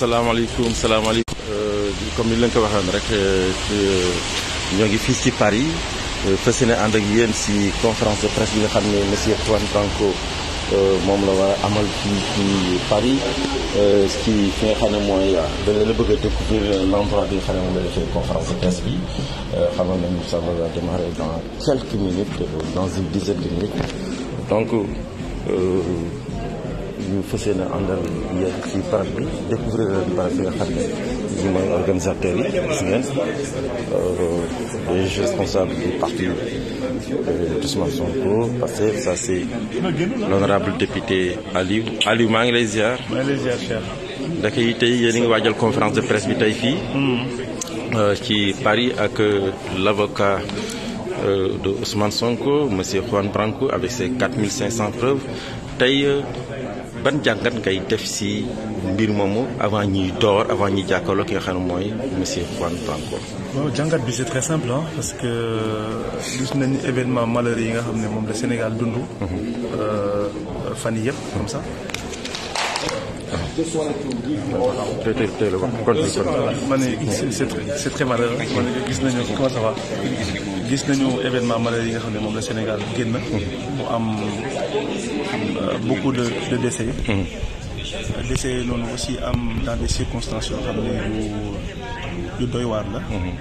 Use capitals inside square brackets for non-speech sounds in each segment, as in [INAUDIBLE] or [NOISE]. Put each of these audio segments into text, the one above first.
alaykoum alaykoum euh comme ni leen ko waxane rek euh, euh, ñoo ngi fi ci Paris euh, fas yéene ànd ak yéen si conférence de presse bi nga xamné monsieur Juan Branco mom la wara amal fii ci Paris ci fi nga xam ne mooy da leen bëgg a découvrir l'endroit bi nga xam la defee conférence de presse bi xamal nañu ça va démarrer dans quelques minutes dans une dizaine de minutes donc. Euh, nous faisons un àndal yéen ci parc de découvrir leen parc bi nga xam ne organisateurs euh, responsables du parti Ousmane Sonko que ça c'est l'honorable député Ali Ali maa ngi ziar. a une conférence de presse bi qui fii. Hmm. Euh, ci Paris avec euh, l'avocat de Ousmane Sonko monsieur Juan Branco avec ses 4500 preuves été ban jàngat ngay def si mbir moomu avant ñuy door avant ñuy jàkkaarloo ki nga xam ne mooy monsieur Juan Branco. waaw jàngat bi c'est très simple hein, parce que euh, gis nañu événement malheureux yi nga xam ne moom la Sénégal dund. Euh, fan yii yëpp comme ça. tey tey tey la wax kon. ma ne c'est très c'est très malheureux. ma ne gis nañu comment ça va gis nañu événement malheureux yi nga xam ne moom la Sénégal génn. mu am euh, beaucoup de de décès. Mhm. décès loolu aussi am dans des circonstances yoo xam ne yu doy waar la. Mhm.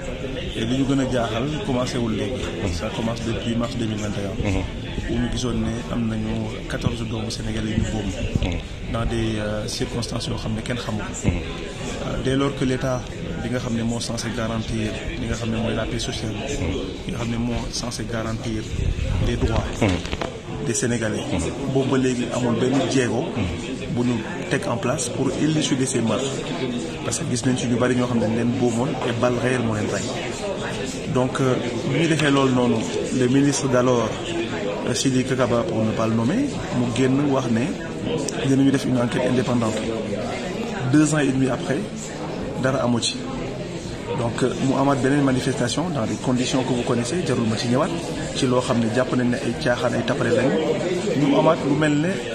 te li ñu gën a jaaxal commencé wul léegi. Mhm. ça commence depuis mars 2021. où ñu gisoon ne am nañu 14 doomu Sénégal yi ñu boobu. dans des euh, circonstances yoo xam ne kenn xamu ko. Euh, dès lors que l'État li nga xam ne moo censé garantir li nga xam ne mooy la paix sociale. li nga xam ne moo censé garantir les droits. des Sénégalais. boobu ba léegi amul benn jéego. bu ñu teg en place pour illustrer ces meurtres parce que gis nañ ci ñu bari ñoo xam ne leen boomoon et balle réel moo leen rey donc euh, bi ñu defee loolu noonu le ministre d'alors euh, Sidi Kakaba pour ne pas le nommer mu génn wax ne dinañu def une enquête indépendante deux ans et demi après dara amu ci donc Mohamed donné une manifestation dans les conditions que vous connaissez Jérôme ma ci lo xamné loo nañ a ay caaxaan ay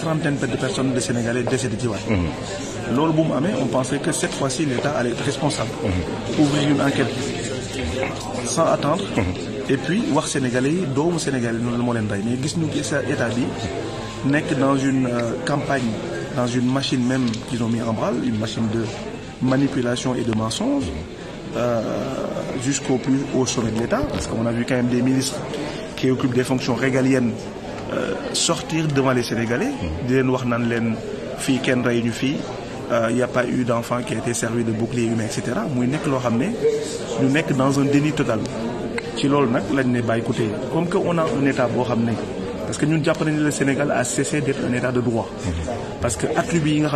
trentaine de personnes de Sénégalais décédés ci waat mhm. loolu bu on pensait que cette fois-ci l'État allait être responsable mhm. ouvrir une enquête sans attendre mhm. et puis voir Sénégalais d'où Sénégalais nous la moo leen mais gis ñu sa état bi que dans une euh, campagne dans une machine même qu'ils ont mis en branle une machine de manipulation et de mensonge euh, jusqu'au plus haut sommet de l'État, parce qu'on a vu quand même des ministres qui occupent des fonctions régaliennes euh, sortir devant les Sénégalais, il n'y euh, a pas eu d'enfant qui a été servi de bouclier humain, etc. Nous sommes dans un déni total. ci loolu nag lañ bah, comme que on a un état pour ramener parce que nous, le Sénégal a cessé d'être un état de droit parce que l'État yi nga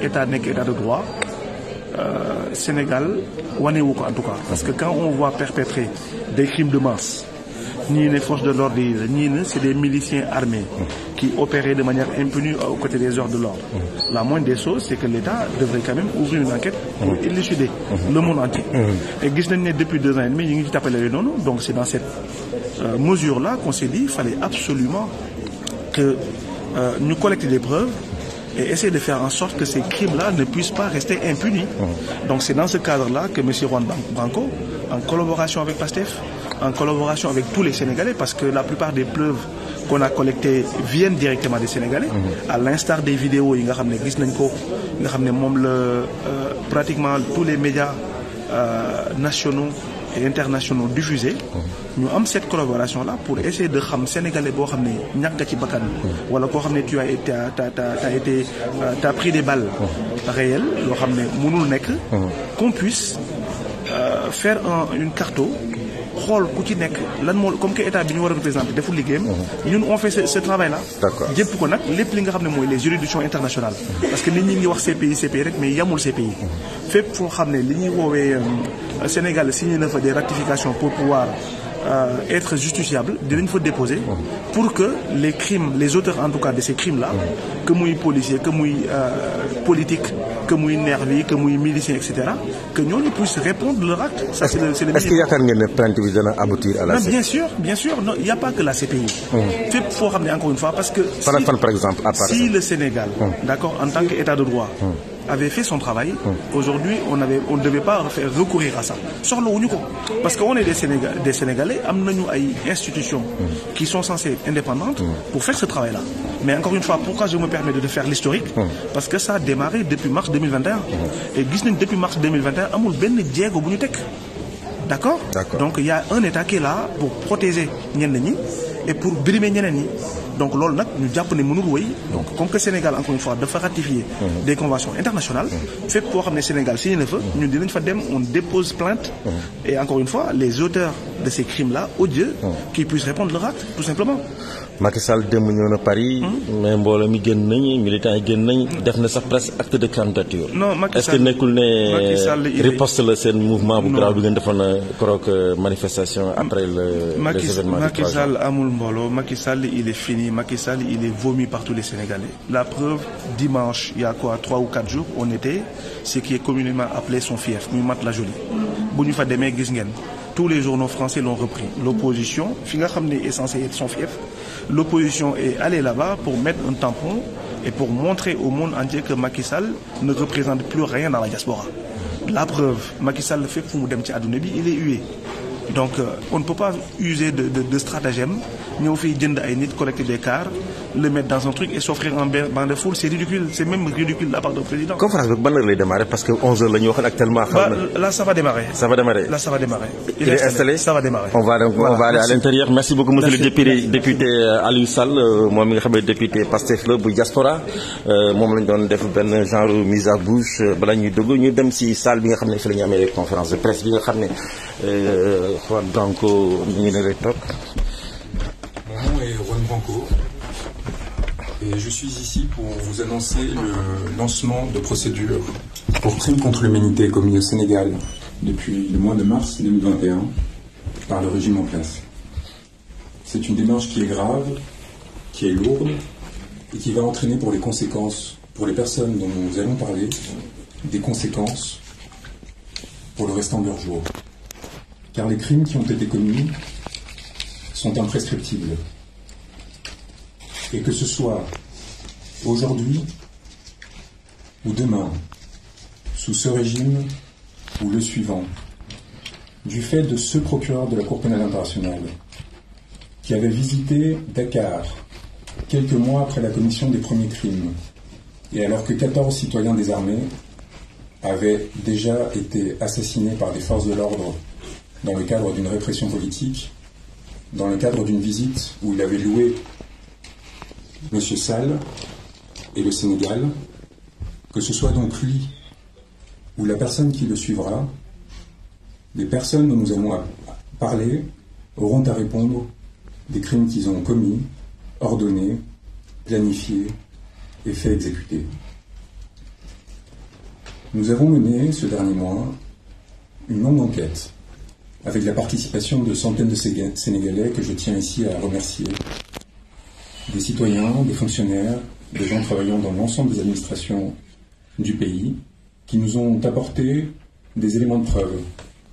état de droit Sénégal ou en tout cas parce que quand on voit perpétrer des crimes de masse ni les forces de l'ordre ni c'est des miliciens armés qui opéraient de manière impunie aux côtés des ordres de l'ordre la moindre des choses c'est que l'État devrait quand même ouvrir une enquête pour élucider le monde entier et depuis deux ans et demi il n'y a donc c'est dans cette euh, mesure là qu'on s'est dit qu'il fallait absolument que nous euh, collections des preuves et essayer de faire en sorte que ces crimes-là ne puissent pas rester impunis. Oh. Donc c'est dans ce cadre-là que M. Juan Branco, en collaboration avec PASTEF, en collaboration avec tous les Sénégalais, parce que la plupart des preuves qu'on a collectées viennent directement des Sénégalais, mm-hmm. à l'instar des vidéos, il y a pratiquement tous les médias euh, nationaux internationaux diffusés Nous avons cette collaboration là pour essayer de faire sénégalais boo xam ne ci bakkan wala tu as été euh, t'as pris des balles réelles ramener, hum. qu'on puisse euh, faire un une carte xool ku ci nekk lan moo comme que état bi ñu war a représenter deful liggéeyam. Mhm. ñun on fait ce ce travail là. d'accord jëpp ko nag lépp li nga xam ne mooy les juridictions internationales. Mhm. parce que nit ñi ngi wax CPI CPI rek mais yamul CPI. Mhm. fépp foo xam ne li ñuy woowee euh, Sénégal signé na fa des ratifications pour pouvoir. Euh, être être justifiable une fois déposer pour que les crimes les auteurs en tout cas de ces crimes là que muy policier que nous euh, politique que muy nervi que nous milicien etc., que nous puissions répondre leur acte. est-ce qu'il y a plainte qui aboutir à la. bien sûr bien sûr il n'y a pas que la CPI. Il hum. faut ramener encore une fois parce que. si si le Sénégal. Hum. d'accord en tant qu'état de droit. Hum avait fait son travail, aujourd'hui, on ne on devait pas faire recourir à ça. sur Parce qu'on est des Sénégalais, des Sénégalais à une institution qui sont censées indépendantes pour faire ce travail-là. Mais encore une fois, pourquoi je me permets de faire l'historique Parce que ça a démarré depuis mars 2021. Et depuis mars 2021, a ben Diego D'accord Donc il y a un État qui est là pour protéger Nyen et pour brimer ñeneen ñi donc nous, nak ñu nous ne mënul donc comme que Sénégal encore une fois doit ratifier mhm. des conventions internationales mhm. fait pour amener le Sénégal s'il na veut, mhm. nous dinañ fa dem on dépose plainte et encore une fois les auteurs de ces crimes là odieux qu'ils puissent répondre leur acte tout simplement Macky Sall démb na Paris. Hmm? mais mbooloo mi génn nañu militants yi génn nañu. def na sax acte de candidature. non est-ce que nekkul ne riposte le seen mouvement bu grave de ngeen une euh, euh, manifestation après le. les événements Macky Sall amul Macky Sall il est fini Macky il est vomi par tous les Sénégalais. La preuve dimanche il y a quoi trois ou quatre jours on était ce qui est communément appelé son fief muy mat la jolie. bu fa tous les journaux français l'ont repris. l'opposition fi nga est censé être son fief l'opposition est allée là-bas pour mettre un tampon et pour montrer au monde entier que Macky Sall ne représente plus rien dans la diaspora. La preuve, Macky Sall fait pour à Adounebi, il est hué. Donc, euh, on ne peut pas user de, de, de stratagème. Nous avons fait collecter des cartes, le mettre dans un truc et s'offrir en bande de foule, c'est ridicule. C'est même ridicule la part du président. Conférence, ban heure les démarrer parce que 11 heures la actuellement. Bah, hein. là, ça va démarrer. Ça va démarrer. Là, ça va démarrer. Il, est installé. Ça va démarrer. On va on va aller à l'intérieur. Merci beaucoup, monsieur le député, Ali député euh, Aliou Sall, euh, moom député Pastef la diaspora euh, moi lañ doon def Ben genre mise à bouche Nous, ñuy dugg ñu si salle bi nga la conférence de presse bi nga xam ne Juan je suis ici pour vous annoncer le lancement de procédures pour crimes contre l'humanité commis au Sénégal depuis le mois de mars 2021 par le régime en place. C'est une démarche qui est grave, qui est lourde et qui va entraîner pour les conséquences, pour les personnes dont nous allons parler, des conséquences pour le restant de leur jour. Car les crimes qui ont été commis sont imprescriptibles. Et que ce soit aujourd'hui ou demain, sous ce régime ou le suivant, du fait de ce procureur de la Cour pénale internationale, qui avait visité Dakar quelques mois après la commission des premiers crimes, et alors que 14 citoyens des armées avaient déjà été assassinés par des forces de l'ordre dans le cadre d'une répression politique, dans le cadre d'une visite où il avait loué M. Sall et le Sénégal, que ce soit donc lui ou la personne qui le suivra, les personnes dont nous allons parler auront à répondre des crimes qu'ils ont commis, ordonnés, planifiés et fait exécuter. Nous avons mené ce dernier mois une longue enquête avec la participation de centaines de Sénégalais que je tiens ici à remercier des citoyens, des fonctionnaires, des gens travaillant dans l'ensemble des administrations du pays, qui nous ont apporté des éléments de preuve,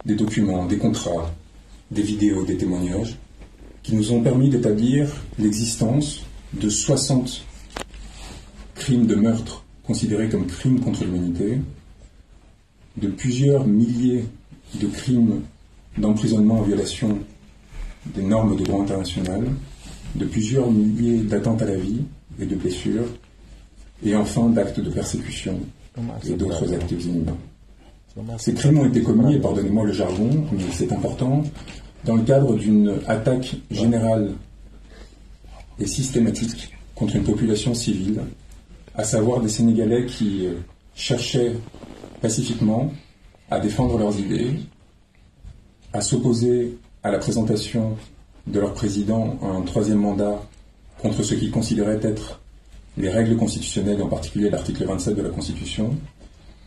des documents, des contrats, des vidéos, des témoignages, qui nous ont permis d'établir l'existence de 60 crimes de meurtre considérés comme crimes contre l'humanité, de plusieurs milliers de crimes d'emprisonnement en violation des normes de droit international, de plusieurs milliers d'attentes à la vie et de blessures, et enfin d'actes de persécution et d'autres actes inhumains. Ces crimes ont été commis, et pardonnez-moi le jargon, mais c'est important, dans le cadre d'une attaque générale et systématique contre une population civile, à savoir des Sénégalais qui euh, cherchaient pacifiquement à défendre leurs idées, à s'opposer à la présentation de leur président un troisième mandat contre ce qu'ils considéraient être les règles constitutionnelles, en particulier l'article 27 de la Constitution,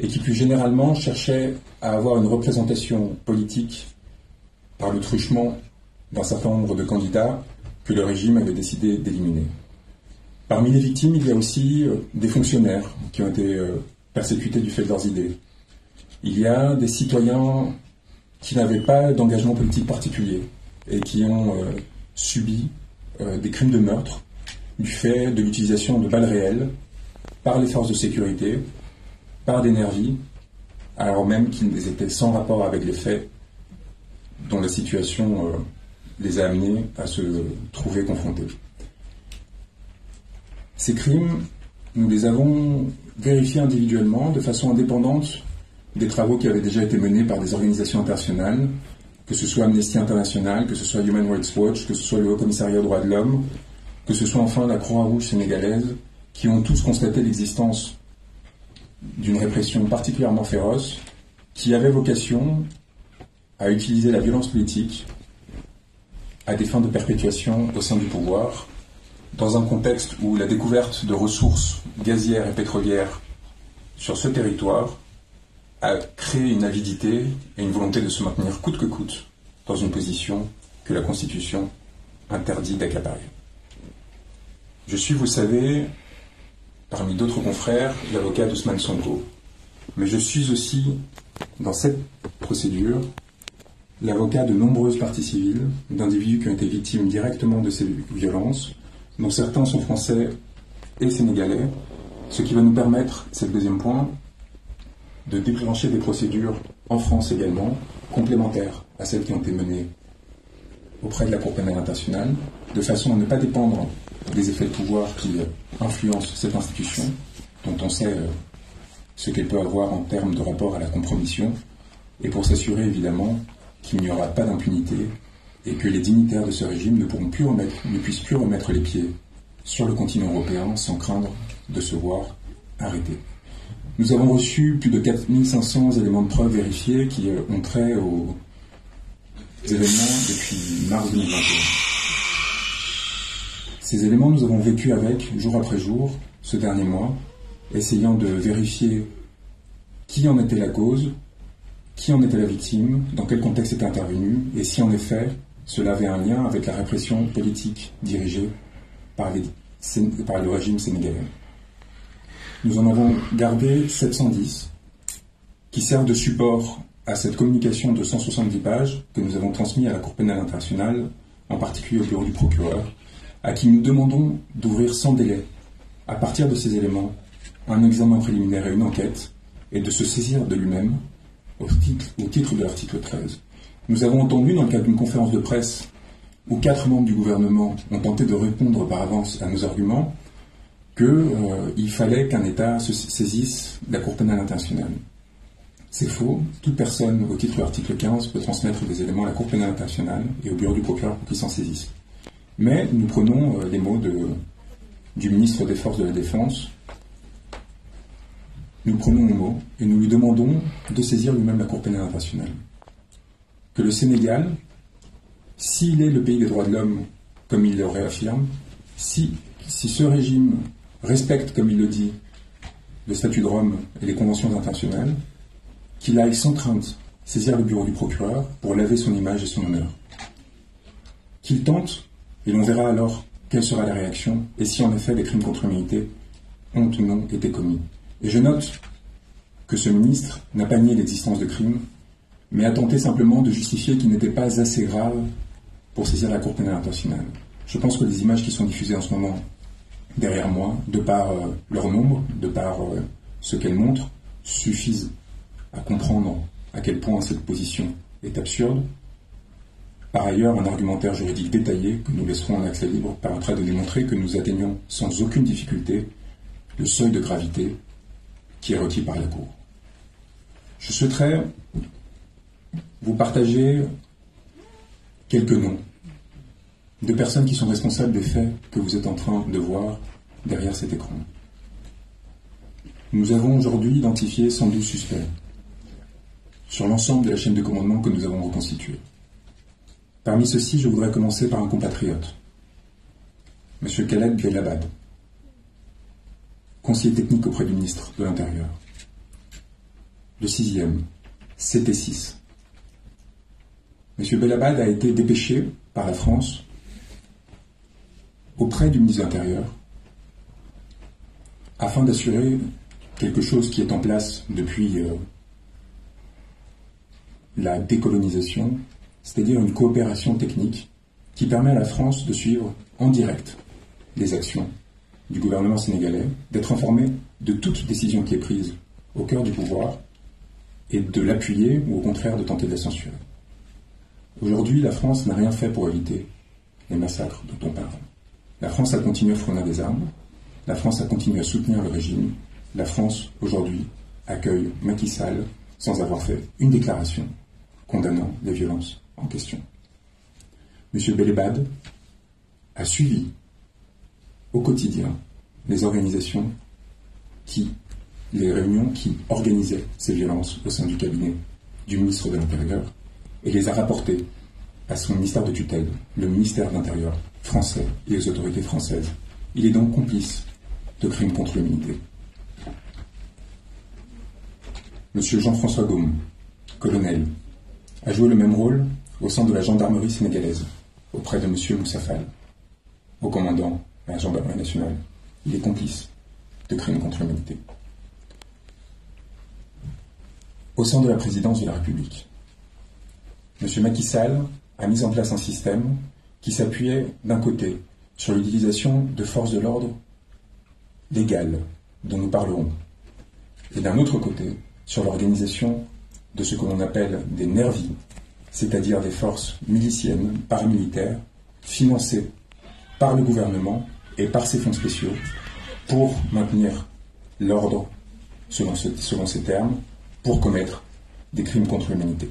et qui plus généralement cherchaient à avoir une représentation politique par le truchement d'un certain nombre de candidats que le régime avait décidé d'éliminer. Parmi les victimes, il y a aussi euh, des fonctionnaires qui ont été euh, persécutés du fait de leurs idées. Il y a des citoyens qui n'avaient pas d'engagement politique particulier, et qui ont euh, subi euh, des crimes de meurtre du fait de l'utilisation de balles réelles par les forces de sécurité, par des nervis, alors même qu'ils étaient sans rapport avec les faits dont la situation euh, les a amenés à se trouver confrontés. Ces crimes, nous les avons vérifiés individuellement de façon indépendante des travaux qui avaient déjà été menés par des organisations internationales que ce soit Amnesty International, que ce soit Human Rights Watch, que ce soit le Haut Commissariat aux droits de l'homme, que ce soit enfin la Croix-Rouge sénégalaise, qui ont tous constaté l'existence d'une répression particulièrement féroce, qui avait vocation à utiliser la violence politique à des fins de perpétuation au sein du pouvoir, dans un contexte où la découverte de ressources gazières et pétrolières sur ce territoire a créé une avidité et une volonté de se maintenir coûte que coûte dans une position que la Constitution interdit d'accaparer. Je suis, vous savez, parmi d'autres confrères, l'avocat d'Ousmane Sonko. Mais je suis aussi, dans cette procédure, l'avocat de nombreuses parties civiles, d'individus qui ont été victimes directement de ces violences, dont certains sont français et sénégalais, ce qui va nous permettre, c'est le deuxième point, de déclencher des procédures, en France également, complémentaires à celles qui ont été menées auprès de la Cour pénale internationale, de façon à ne pas dépendre des effets de pouvoir qui euh, influencent cette institution, dont on sait euh, ce qu'elle peut avoir en termes de rapport à la compromission, et pour s'assurer évidemment qu'il n'y aura pas d'impunité et que les dignitaires de ce régime ne, pourront plus ne puissent plus remettre les pieds sur le continent européen sans craindre de se voir arrêtés. Nous avons reçu plus de 4500 éléments de preuve vérifiés qui euh, ont trait aux événements depuis mars 2021. Ces éléments, nous avons vécu avec, jour après jour, ce dernier mois, essayant de vérifier qui en était la cause, qui en était la victime, dans quel contexte était intervenu, et si en effet cela avait un lien avec la répression politique dirigée par, par le régime sénégalais. Nous en avons gardé 710 qui servent de support à cette communication de 170 pages que nous avons transmise à la Cour pénale internationale, en particulier au bureau du procureur, à qui nous demandons d'ouvrir sans délai, à partir de ces éléments, un examen préliminaire et une enquête, et de se saisir de lui-même au titre, de l'article 13. Nous avons entendu, dans le cadre d'une conférence de presse où quatre membres du gouvernement ont tenté de répondre par avance à nos arguments, qu'il euh, fallait qu'un État se saisisse de la Cour pénale internationale. C'est faux. Toute personne, au titre de l'article 15, peut transmettre des éléments à la Cour pénale internationale et au bureau du procureur pour qu'ils s'en saisisse. Mais nous prenons euh, les mots de, du ministre des Forces de la Défense. Nous prenons les mots et nous lui demandons de saisir lui-même la Cour pénale internationale. Que le Sénégal, s'il est le pays des droits de l'homme, comme il le réaffirme, si, si ce régime respecte, comme il le dit, le statut de Rome et les conventions internationales, qu'il aille sans crainte saisir le bureau du procureur pour laver son image et son honneur. Qu'il tente, et l'on verra alors quelle sera la réaction et si en effet des crimes contre l'humanité ont ou non été commis. Et je note que ce ministre n'a pas nié l'existence de crimes, mais a tenté simplement de justifier qu'il n'était pas assez grave pour saisir la Cour pénale internationale. Je pense que les images qui sont diffusées en ce moment derrière moi, de par euh, leur nombre, de par euh, ce qu'elles montrent, suffisent à comprendre à quel point cette position est absurde. Par ailleurs, un argumentaire juridique détaillé que nous laisserons en accès libre permettra de démontrer que nous atteignons sans aucune difficulté le seuil de gravité qui est requis par la Cour. Je souhaiterais vous partager quelques noms de personnes qui sont responsables des faits que vous êtes en train de voir derrière cet écran. Nous avons aujourd'hui identifié 112 suspects sur l'ensemble de la chaîne de commandement que nous avons reconstituée. Parmi ceux-ci, je voudrais commencer par un compatriote, M. Khaled Belabad, conseiller technique auprès du ministre de l'Intérieur. Le sixième, CT6. M. Belabad a été dépêché par la France auprès du ministre intérieur, afin d'assurer quelque chose qui est en place depuis euh, la décolonisation, c'est-à-dire une coopération technique qui permet à la France de suivre en direct les actions du gouvernement sénégalais, d'être informé de toute décision qui est prise au cœur du pouvoir et de l'appuyer ou au contraire de tenter de la censurer. Aujourd'hui, la France n'a rien fait pour éviter les massacres dont on parle. La France a continué à fournir des armes, la France a continué à soutenir le régime, la France, aujourd'hui, accueille Macky Sall sans avoir fait une déclaration condamnant les violences en question. Monsieur Belébad a suivi au quotidien les organisations qui, les réunions qui organisaient ces violences au sein du cabinet du ministre de l'Intérieur et les a rapportées à son ministère de tutelle, le ministère de l'Intérieur français et aux autorités françaises. Il est donc complice de crimes contre l'humanité. Monsieur Jean-François Gaume, colonel, a joué le même rôle au sein de la gendarmerie sénégalaise, auprès de Monsieur Moussafal, au commandant de la gendarmerie nationale. Il est complice de crimes contre l'humanité. Au sein de la présidence de la République, Monsieur Macky Sall a mis en place un système qui s'appuyait d'un côté sur l'utilisation de forces de l'ordre légales dont nous parlerons, et d'un autre côté sur l'organisation de ce que l'on appelle des nervis, c'est-à-dire des forces miliciennes, paramilitaires, financées par le gouvernement et par ses fonds spéciaux pour maintenir l'ordre, selon ces termes, pour commettre des crimes contre l'humanité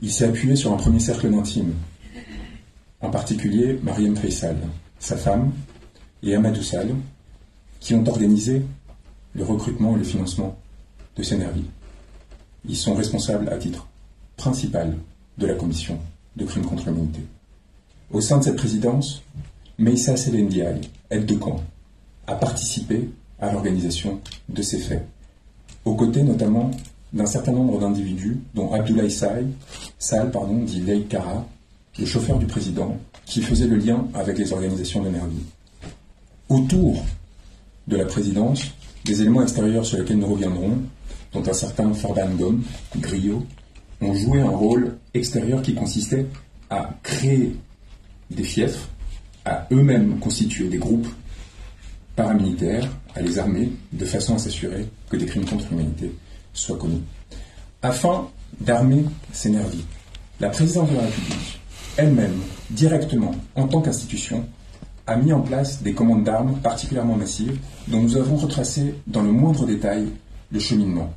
il s'est appuyé sur un premier cercle d'intimes, en particulier Mariam Faisal, sa femme, et Amadou Sal, qui ont organisé le recrutement et le financement de ces Ils sont responsables à titre principal de la commission de crimes contre l'humanité. Au sein de cette présidence, Meissa Selendiaï, aide de camp, a participé à l'organisation de ces faits, aux côtés notamment d'un certain nombre d'individus, dont Abdoulaye Sall, pardon, dit Leïkara, le chauffeur du président, qui faisait le lien avec les organisations de Nervi. Autour de la présidence, des éléments extérieurs sur lesquels nous reviendrons, dont un certain Forban Gom, Griot, ont joué un rôle extérieur qui consistait à créer des fiefs, à eux-mêmes constituer des groupes paramilitaires, à les armer, de façon à s'assurer que des crimes contre l'humanité soit connue, afin d'armer ces nervis. La présidente de la République, elle-même, directement, en tant qu'institution, a mis en place des commandes d'armes particulièrement massives dont nous avons retracé dans le moindre détail le cheminement.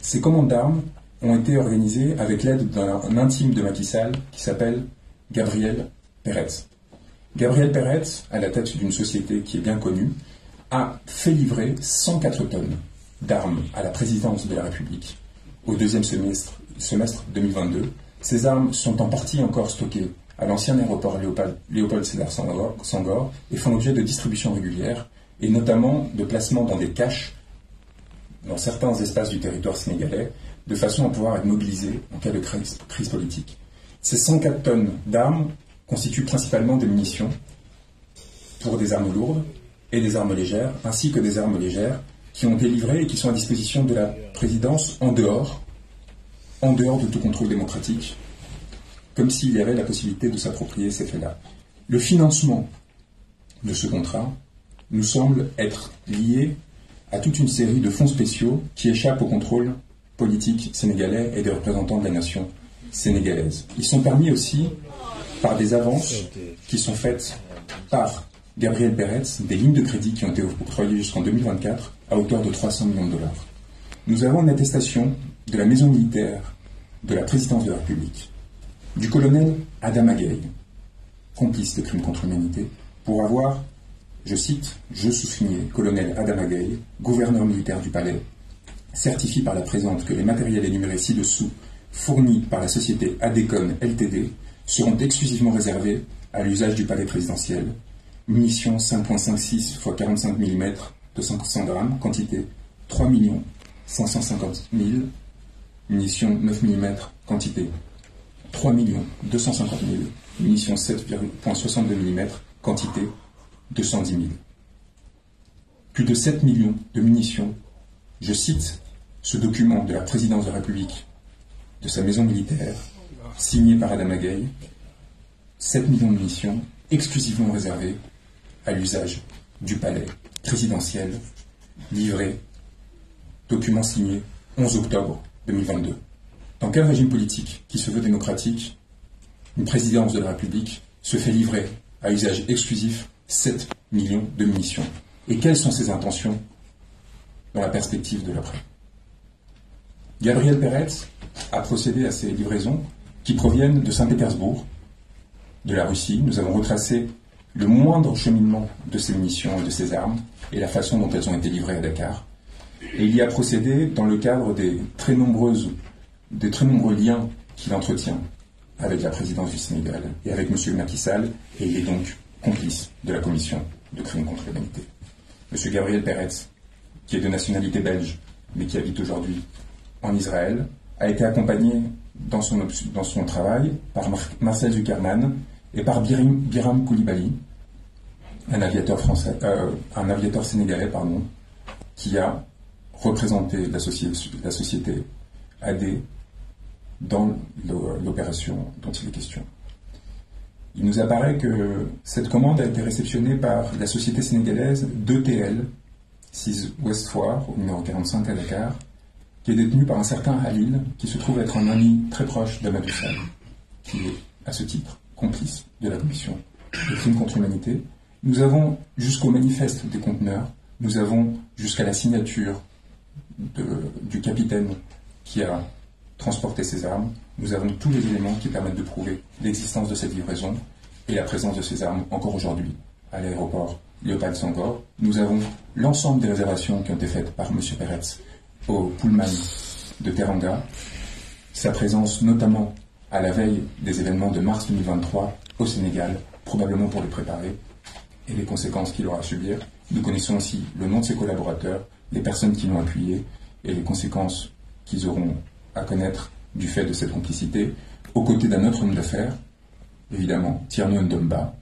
Ces commandes d'armes ont été organisées avec l'aide d'un intime de Matissal qui s'appelle Gabriel Peretz. Gabriel Peretz, à la tête d'une société qui est bien connue, a fait livrer 104 tonnes d'armes à la présidence de la République au deuxième semestre, semestre 2022, ces armes sont en partie encore stockées à l'ancien aéroport Léopold Sédar Sangor et font l'objet de distributions régulières et notamment de placements dans des caches dans certains espaces du territoire sénégalais de façon à pouvoir être mobilisés en cas de crise, crise politique. Ces 104 tonnes d'armes constituent principalement des munitions pour des armes lourdes et des armes légères, ainsi que des armes légères qui ont délivré et qui sont à disposition de la présidence en dehors, en dehors de tout contrôle démocratique, comme s'il y avait la possibilité de s'approprier ces faits-là. Le financement de ce contrat nous semble être lié à toute une série de fonds spéciaux qui échappent au contrôle politique sénégalais et des représentants de la nation sénégalaise. Ils sont permis aussi par des avances qui sont faites par Gabriel Peretz, des lignes de crédit qui ont été octroyées jusqu'en 2024 à hauteur de 300 millions de dollars. Nous avons une attestation de la maison militaire de la présidence de la République, du colonel Adam Agueil, complice de crimes contre l'humanité, pour avoir, je cite, je sous colonel Adam gouverneur militaire du palais, certifie par la présente que les matériels énumérés ci-dessous, fournis par la société ADECON LTD, seront exclusivement réservés à l'usage du palais présidentiel, munitions 5.56 x 45 mm, 200 grammes, quantité 3 550 000, munitions 9 mm, quantité 3 250 000, munitions 7,62 mm, quantité 210 000. Plus de 7 millions de munitions, je cite ce document de la présidence de la République, de sa maison militaire, signé par Adam 7 millions de munitions exclusivement réservées à l'usage du palais présidentielle, livrée, document signé 11 octobre 2022. Dans quel régime politique qui se veut démocratique, une présidence de la République se fait livrer à usage exclusif 7 millions de munitions Et quelles sont ses intentions dans la perspective de l'après Gabriel Pérez a procédé à ces livraisons qui proviennent de Saint-Pétersbourg, de la Russie. Nous avons retracé le moindre cheminement de ces munitions et de ces armes et la façon dont elles ont été livrées à Dakar. Et il y a procédé dans le cadre des très, nombreuses, des très nombreux liens qu'il entretient avec la présidence du Sénégal et avec M. Macky et il est donc complice de la commission de crimes contre l'humanité. M. Gabriel Peretz, qui est de nationalité belge, mais qui habite aujourd'hui en Israël, a été accompagné dans son, dans son travail par Marcel Zuckerman, et par Biram Koulibaly, euh, un aviateur, sénégalais pardon, qui a représenté la société, AD dans l'opération dont il est question. Il nous apparaît que cette commande a été réceptionnée par la société sénégalaise DTL 6 West au numéro 45 à Dakar, qui est détenue par un certain Halil, qui se trouve être un ami très proche d'Amadou Sall, qui est, à ce titre, complices de la commission de crimes contre l'humanité. Nous avons jusqu'au manifeste des conteneurs, nous avons jusqu'à la signature du capitaine qui a transporté ces armes, nous avons tous les éléments qui permettent de prouver l'existence de cette livraison et la présence de ces armes encore aujourd'hui à l'aéroport Léopold Sangor. Nous avons l'ensemble des réservations qui ont été faites par M. Peretz au Pullman de Teranga, sa présence notamment à la veille des événements de mars 2023 au Sénégal, probablement pour les préparer, et les conséquences qu'il aura à subir. Nous connaissons aussi le nom de ses collaborateurs, les personnes qui l'ont appuyé, et les conséquences qu'ils auront à connaître du fait de cette complicité, aux côtés d'un autre homme d'affaires, évidemment Tierno Ndomba,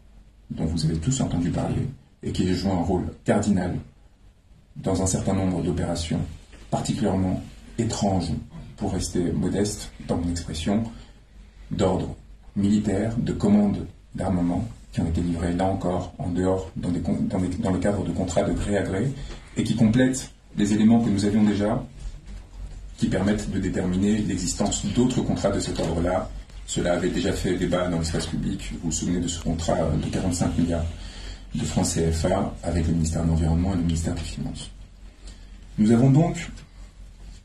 dont vous avez tous entendu parler, et qui joué un rôle cardinal dans un certain nombre d'opérations particulièrement étranges, pour rester modeste dans mon expression, d'ordre militaire, de commandes d'armement, qui ont été livrées là encore en dehors, dans, des, dans, dans le cadre de contrats de gré à gré, et qui complètent les éléments que nous avions déjà, qui permettent de déterminer l'existence d'autres contrats de cet ordre-là. Cela avait déjà fait débat dans l'espace public. Vous vous souvenez de ce contrat de 45 milliards de francs CFA avec le ministère de l'Environnement et le ministère des Finances. Nous avons donc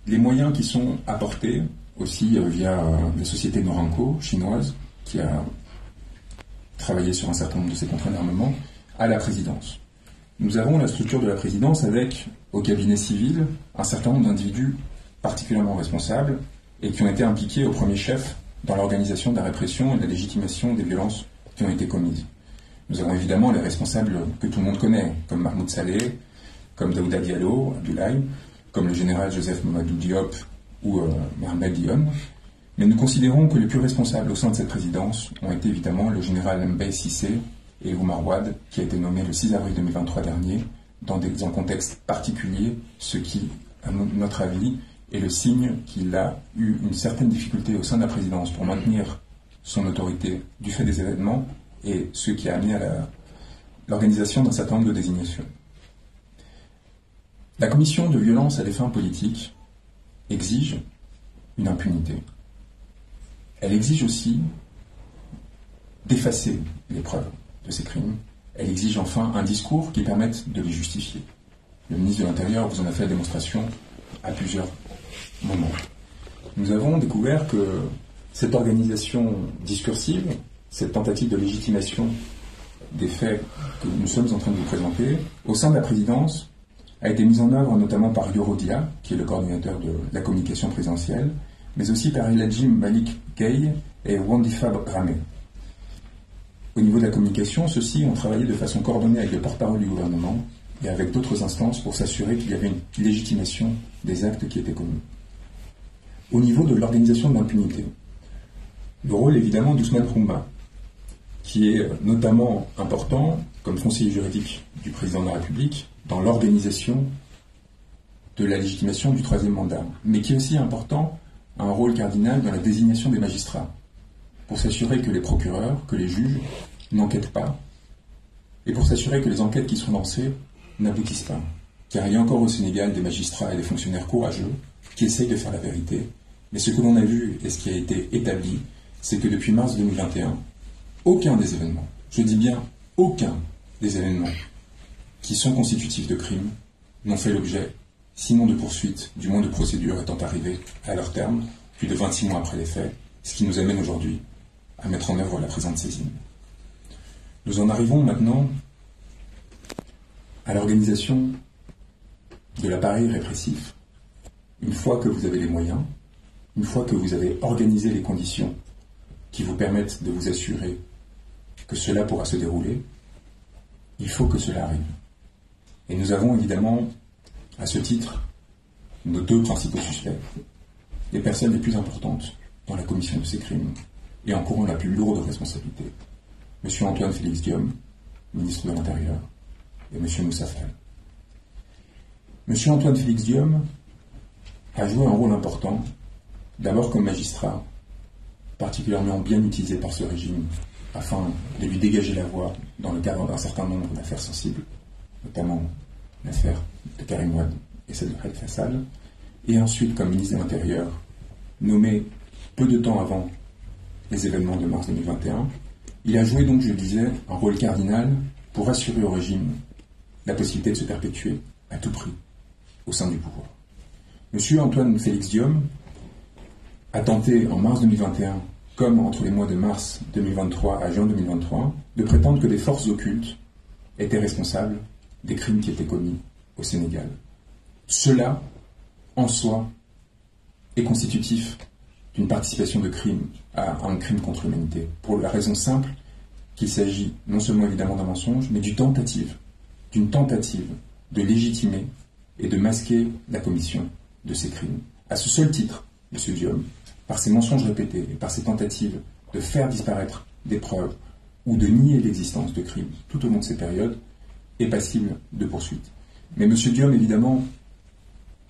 les moyens qui sont apportés aussi via euh, la société Noranco chinoise qui a travaillé sur un certain nombre de ces contrats d'armement à la présidence. Nous avons la structure de la présidence avec, au cabinet civil, un certain nombre d'individus particulièrement responsables et qui ont été impliqués au premier chef dans l'organisation de la répression et de la légitimation des violences qui ont été commises. Nous avons évidemment les responsables que tout le monde connaît, comme Mahmoud Saleh, comme Daouda Diallo, Abdoulaye, comme le général Joseph Mamadou Diop, ou euh, Mohamed Dion, mais nous considérons que les plus responsables au sein de cette présidence ont été évidemment le général Mbaye Sissé et Omar Wad, qui a été nommé le 6 avril 2023 dernier, dans, des, dans un particulier, ce qui, à notre avis, est le signe qu'il a eu une certaine difficulté au sein de la présidence pour maintenir son autorité du fait des événements et ce qui a amené à l'organisation d'un certain nombre de désignations. La commission de violence à des fins politiques exige une impunité. Elle exige aussi d'effacer les preuves de ces crimes. Elle exige enfin un discours qui permette de les justifier. Le ministre de l'Intérieur vous en a fait la démonstration à plusieurs moments. Nous avons découvert que cette organisation discursive, cette tentative de légitimation des faits que nous sommes en train de vous présenter, au sein de la présidence, a été mise en œuvre notamment par Yorodia, qui est le coordinateur de la communication présidentielle, mais aussi par Eladjim Malik Gay et Wandifab Rame. Au niveau de la communication, ceux-ci ont travaillé de façon coordonnée avec le porte-parole du gouvernement et avec d'autres instances pour s'assurer qu'il y avait une légitimation des actes qui étaient commis. Au niveau de l'organisation de l'impunité, le rôle évidemment d'Ousmane Roumba, qui est notamment important comme conseiller juridique du président de la République, dans l'organisation de la légitimation du troisième mandat, mais qui est aussi important, a un rôle cardinal dans la désignation des magistrats, pour s'assurer que les procureurs, que les juges n'enquêtent pas, et pour s'assurer que les enquêtes qui sont lancées n'aboutissent pas. Car il y a encore au Sénégal des magistrats et des fonctionnaires courageux qui essayent de faire la vérité, mais ce que l'on a vu et ce qui a été établi, c'est que depuis mars 2021, aucun des événements, je dis bien aucun des événements qui sont constitutifs de crimes n'ont fait l'objet, sinon de poursuites, du moins de procédures étant arrivées à leur terme, plus de 26 mois après les faits, ce qui nous amène aujourd'hui à mettre en œuvre la présente saisine. Nous en arrivons maintenant à l'organisation de l'appareil répressif. Une fois que vous avez les moyens, une fois que vous avez organisé les conditions qui vous permettent de vous assurer que cela pourra se dérouler, il faut que cela arrive. Et nous avons évidemment, à ce titre, nos deux principaux suspects, les personnes les plus importantes dans la commission de ces crimes et en courant la plus lourde responsabilité, M. Antoine Félix Diom, ministre de l'Intérieur, et M. Moussa Fall. M. Antoine Félix Diom a joué un rôle important, d'abord comme magistrat, particulièrement bien utilisé par ce régime afin de lui dégager la voie dans le cadre d'un certain nombre d'affaires sensibles, notamment l'affaire de Karim Wad et celle de Haït Fassal, et ensuite comme ministre de l'Intérieur, nommé peu de temps avant les événements de mars 2021, il a joué donc, je le disais, un rôle cardinal pour assurer au régime la possibilité de se perpétuer à tout prix au sein du pouvoir. Monsieur Antoine Félix Diom a tenté en mars 2021, comme entre les mois de mars 2023 à juin 2023, de prétendre que des forces occultes étaient responsables des crimes qui étaient commis au Sénégal. Cela, en soi, est constitutif d'une participation de crime à un crime contre l'humanité, pour la raison simple qu'il s'agit non seulement évidemment d'un mensonge, mais d'une tentative, d'une tentative de légitimer et de masquer la commission de ces crimes. À ce seul titre, M. Diom, par ces mensonges répétés et par ses tentatives de faire disparaître des preuves ou de nier l'existence de crimes tout au long de ces périodes, est passible de poursuite. Mais M. Diom, évidemment,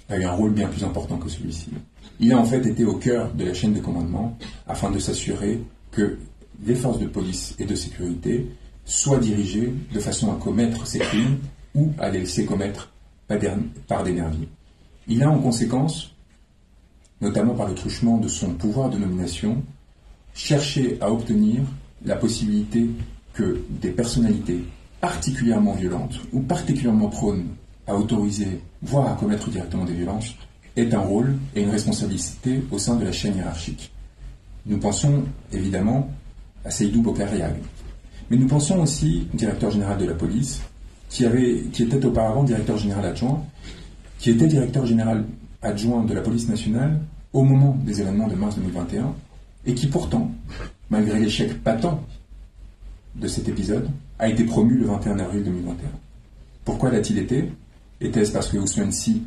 a eu un rôle bien plus important que celui-ci. Il a en fait été au cœur de la chaîne de commandement afin de s'assurer que les forces de police et de sécurité soient dirigées de façon à commettre ces crimes ou à les laisser commettre par des nervis. Il a en conséquence, notamment par le truchement de son pouvoir de nomination, cherché à obtenir la possibilité que des personnalités particulièrement violente ou particulièrement prône à autoriser, voire à commettre directement des violences, est un rôle et une responsabilité au sein de la chaîne hiérarchique. Nous pensons évidemment à Seydou Bokaria, mais nous pensons aussi au directeur général de la police, qui, avait, qui était auparavant directeur général adjoint, qui était directeur général adjoint de la police nationale au moment des événements de mars 2021, et qui pourtant, malgré l'échec patent de cet épisode a été promu le 21 avril 2021. Pourquoi l'a-t-il été Était-ce parce que Ousmane Si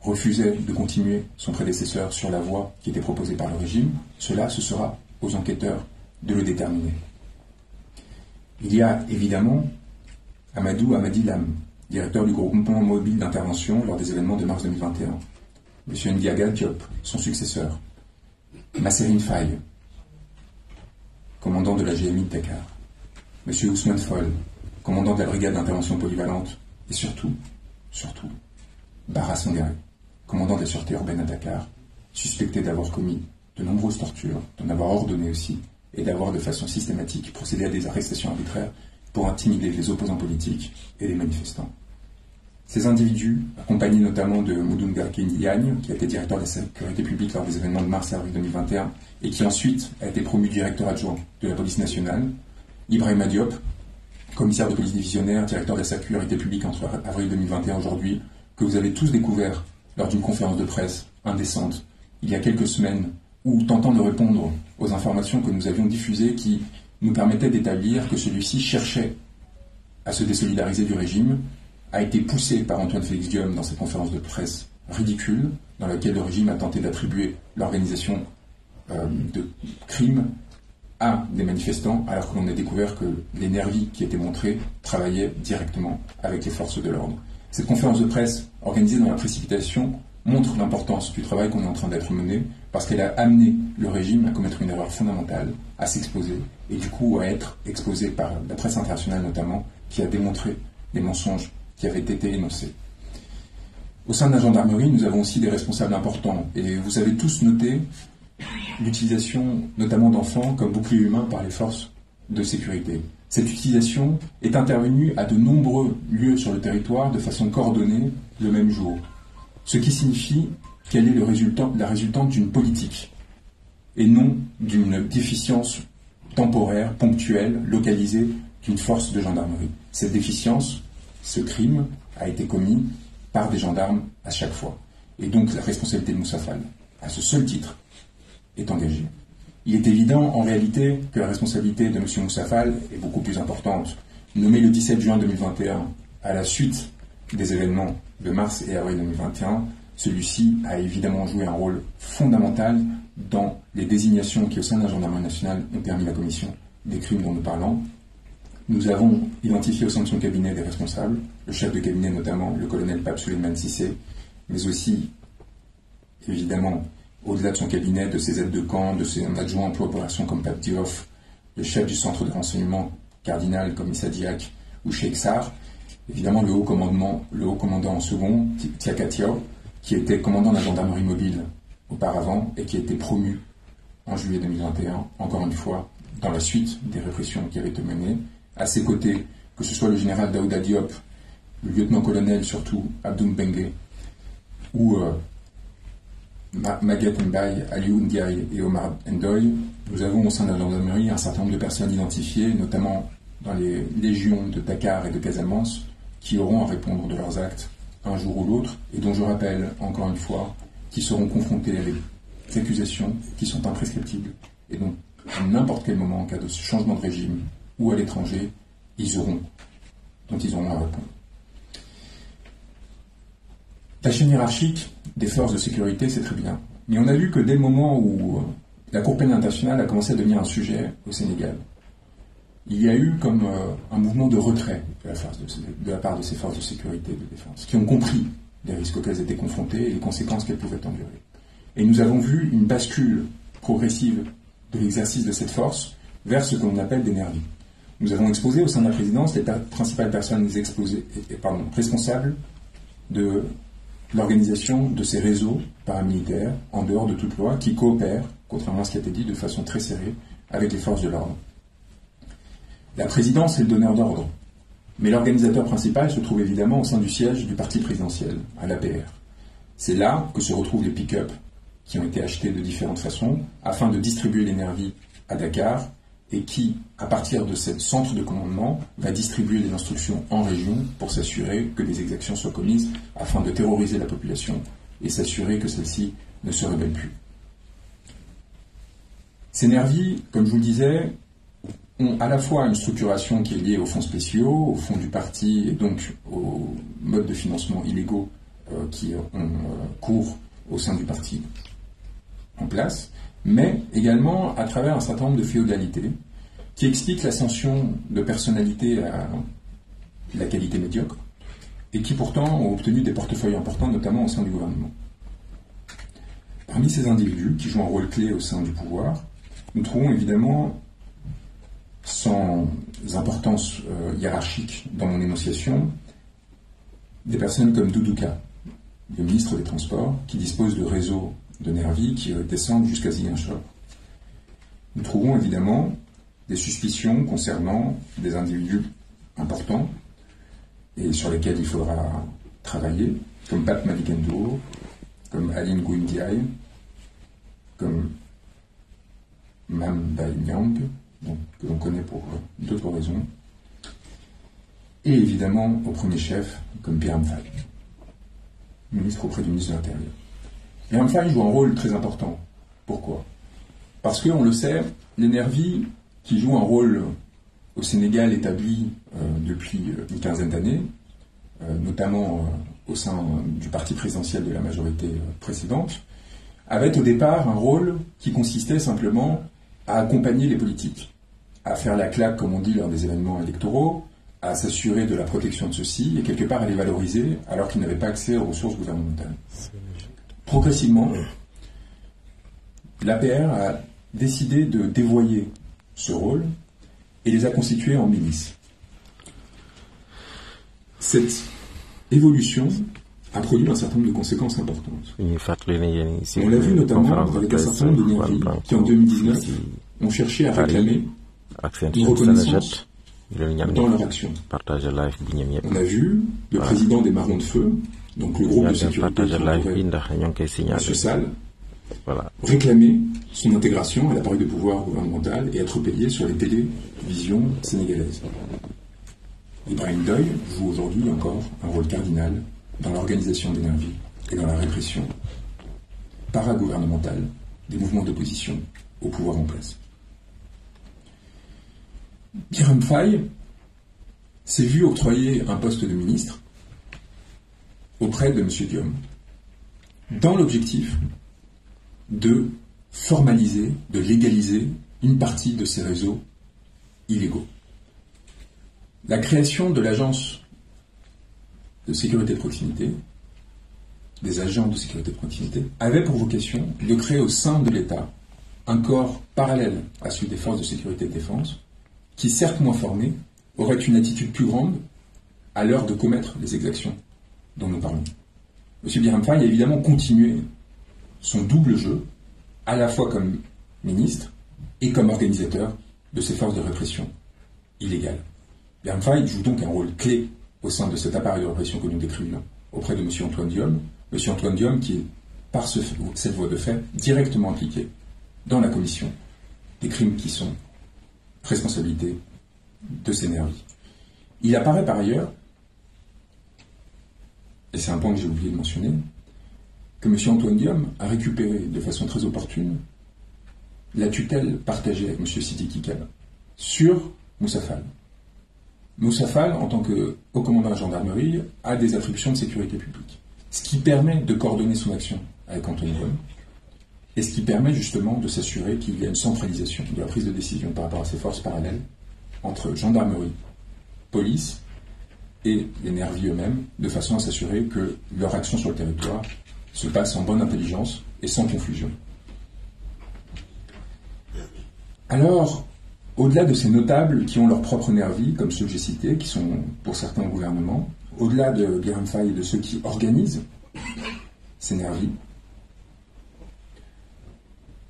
refusait de continuer son prédécesseur sur la voie qui était proposée par le régime Cela, ce sera aux enquêteurs de le déterminer. Il y a évidemment Amadou Amadilam, directeur du groupement mobile d'intervention lors des événements de mars 2021. Monsieur Ndiaga Diop, son successeur. Masserine Faye, commandant de la GMI de Dakar. M. Ousmane Foll, commandant de la brigade d'intervention polyvalente, et surtout, surtout, Barra Sangari, commandant de la sûreté urbaine à Dakar, suspecté d'avoir commis de nombreuses tortures, d'en avoir ordonné aussi, et d'avoir de façon systématique procédé à des arrestations arbitraires pour intimider les opposants politiques et les manifestants. Ces individus, accompagnés notamment de Moudunga Diagne, qui a été directeur de la sécurité publique lors des événements de mars et avril 2021, et qui ensuite a été promu directeur adjoint de la police nationale, Ibrahim Adiop, commissaire de police divisionnaire, directeur de la sécurité publique entre avril 2021 et aujourd'hui, que vous avez tous découvert lors d'une conférence de presse indécente il y a quelques semaines, où tentant de répondre aux informations que nous avions diffusées qui nous permettaient d'établir que celui-ci cherchait à se désolidariser du régime, a été poussé par Antoine Félix Guillaume dans cette conférence de presse ridicule, dans laquelle le régime a tenté d'attribuer l'organisation euh, de crimes à des manifestants, alors que l'on a découvert que les nervis qui étaient montrés travaillaient directement avec les forces de l'ordre. Cette conférence de presse, organisée dans la précipitation, montre l'importance du travail qu'on est en train d'être mené, parce qu'elle a amené le régime à commettre une erreur fondamentale, à s'exposer, et du coup à être exposé par la presse internationale notamment, qui a démontré les mensonges qui avaient été énoncés. Au sein de la gendarmerie, nous avons aussi des responsables importants, et vous avez tous noté l'utilisation notamment d'enfants comme bouclier humain par les forces de sécurité. Cette utilisation est intervenue à de nombreux lieux sur le territoire de façon coordonnée le même jour, ce qui signifie qu'elle est la résultante d'une politique et non d'une déficience temporaire, ponctuelle, localisée d'une force de gendarmerie. Cette déficience, ce crime, a été commis par des gendarmes à chaque fois. Et donc la responsabilité de Moussafal, à ce seul titre, est engagé. Il est évident, en réalité, que la responsabilité de M. Moussafal est beaucoup plus importante. Nommé le 17 juin 2021, à la suite des événements de mars et avril 2021, celui-ci a évidemment joué un rôle fondamental dans les désignations qui, au sein de la gendarmerie nationale, ont permis la commission des crimes dont nous parlons. Nous avons identifié au sein de son cabinet des responsables, le chef de cabinet notamment, le colonel Pape Suleiman Sissé, mais aussi, évidemment, au-delà de son cabinet, de ses aides de camp, de ses adjoints en opération comme Papdirov, le chef du centre de renseignement cardinal comme Isadiak ou Sheikh Sar, évidemment le haut commandement, le haut commandant en second, Katiao, qui était commandant de la gendarmerie mobile auparavant et qui a été promu en juillet 2021, encore une fois, dans la suite des répressions qui avaient été menées. À ses côtés, que ce soit le général Daouda Diop, le lieutenant-colonel surtout, Abdoum Bengue, ou euh, Maguette Mbaye, Aliou Ndiaye et Omar Ndoye, nous avons au sein de la gendarmerie un certain nombre de personnes identifiées, notamment dans les légions de Dakar et de Casamance, qui auront à répondre de leurs actes un jour ou l'autre, et dont je rappelle encore une fois qu'ils seront confrontés à des accusations qui sont imprescriptibles. Et donc, à n'importe quel moment, en cas de changement de régime ou à l'étranger, ils auront, dont ils auront à répondre. La chaîne hiérarchique des forces de sécurité, c'est très bien. Mais on a vu que dès le moment où euh, la Cour pénale internationale a commencé à devenir un sujet au Sénégal, il y a eu comme euh, un mouvement de retrait de la, part de ces forces de sécurité et de défense, qui ont compris les risques auxquels elles étaient confrontées et les conséquences qu'elles pouvaient endurer. Et nous avons vu une bascule progressive de l'exercice de cette force vers ce qu'on appelle des Nous avons exposé au sein de la présidence les principales personnes responsables de l'organisation de ces réseaux paramilitaires en dehors de toute loi qui coopèrent, contrairement à ce qui a été dit, de façon très serrée avec les forces de l'ordre. La présidence est le donneur d'ordre, mais l'organisateur principal se trouve évidemment au sein du siège du parti présidentiel, à l'APR. C'est là que se retrouvent les pick-up qui ont été achetés de différentes façons afin de distribuer l'énergie à Dakar et qui, à partir de ce centre de commandement, va distribuer des instructions en région pour s'assurer que des exactions soient commises afin de terroriser la population et s'assurer que celle-ci ne se rébelle plus. Ces nervis, comme je vous le disais, ont à la fois une structuration qui est liée aux fonds spéciaux, aux fonds du parti et donc aux modes de financement illégaux euh, qui ont euh, cours au sein du parti en place, mais également à travers un certain nombre de féodalités qui expliquent l'ascension de personnalités à la qualité médiocre et qui pourtant ont obtenu des portefeuilles importants, notamment au sein du gouvernement. Parmi ces individus qui jouent un rôle clé au sein du pouvoir, nous trouvons évidemment, sans importance euh, hiérarchique dans mon énonciation, des personnes comme Doudouka, le ministre des Transports, qui dispose de réseaux de Nervi qui euh, descendent jusqu'à Ziguinchor. Nous trouvons évidemment des suspicions concernant des individus importants et sur lesquels il faudra travailler, comme Pat Malikendo, comme Aline Gouindiaï, comme Mam Nyang, que l'on connaît pour euh, d'autres raisons, et évidemment au premier chef, comme Pierre Mfal, ministre auprès du ministre de l'Intérieur. Les ils jouent un rôle très important. Pourquoi Parce que, on le sait, les qui joue un rôle euh, au Sénégal établi euh, depuis euh, une quinzaine d'années, notamment au sein du parti présidentiel de la majorité précédente, avait au départ un rôle qui consistait simplement à accompagner les politiques, à faire la claque, comme on dit, lors des événements électoraux, à s'assurer de la protection de ceux-ci et quelque part à les valoriser alors qu'ils n'avaient pas accès aux ressources gouvernementales progressivement, l'APR a décidé de dévoyer ce rôle et les a constitués en milices. Cette évolution a produit un certain nombre de conséquences importantes. On l'a vu notamment avec un certain nombre qui, en 2019, ont cherché à réclamer une reconnaissance dans leur action. On a vu le président des Marrons de Feu donc le groupe de sécurité de à ce salle, voilà. réclamer son intégration à l'appareil de pouvoir gouvernemental et être payé sur les télévisions sénégalaises. Ibrahim Deuil joue aujourd'hui encore un rôle cardinal dans l'organisation d'énergie et dans la répression paragouvernementale des mouvements d'opposition au pouvoir en place. Biram Faye s'est vu octroyer un poste de ministre auprès de M. Guillaume, dans l'objectif de formaliser, de légaliser une partie de ces réseaux illégaux. La création de l'agence de sécurité de proximité, des agents de sécurité de proximité, avait pour vocation de créer au sein de l'État un corps parallèle à celui des forces de sécurité et de défense, qui, certes moins formés, aurait une attitude plus grande à l'heure de commettre les exactions dont nous parlons. M. Biramfaï a évidemment continué son double jeu, à la fois comme ministre et comme organisateur de ces forces de répression illégales. Fay joue donc un rôle clé au sein de cet appareil de répression que nous décrivons auprès de M. Antoine Diom, M. Antoine Diom qui est, par ce, cette voie de fait, directement impliqué dans la commission des crimes qui sont responsabilité de ces nervis. Il apparaît par ailleurs et c'est un point que j'ai oublié de mentionner, que M. Antoine Guillaume a récupéré de façon très opportune la tutelle partagée avec M. Sidi Kikab sur Moussafal. Moussafal, en tant que haut commandant de la gendarmerie, a des attributions de sécurité publique. Ce qui permet de coordonner son action avec Antoine Guillaume et ce qui permet justement de s'assurer qu'il y a une centralisation de la prise de décision par rapport à ces forces parallèles entre gendarmerie, police et les nervis eux-mêmes, de façon à s'assurer que leur action sur le territoire se passe en bonne intelligence et sans confusion. Alors, au-delà de ces notables qui ont leurs propres nervis, comme ceux que j'ai cités, qui sont pour certains au gouvernement, au-delà de Guérin Fay et de ceux qui organisent ces nervis,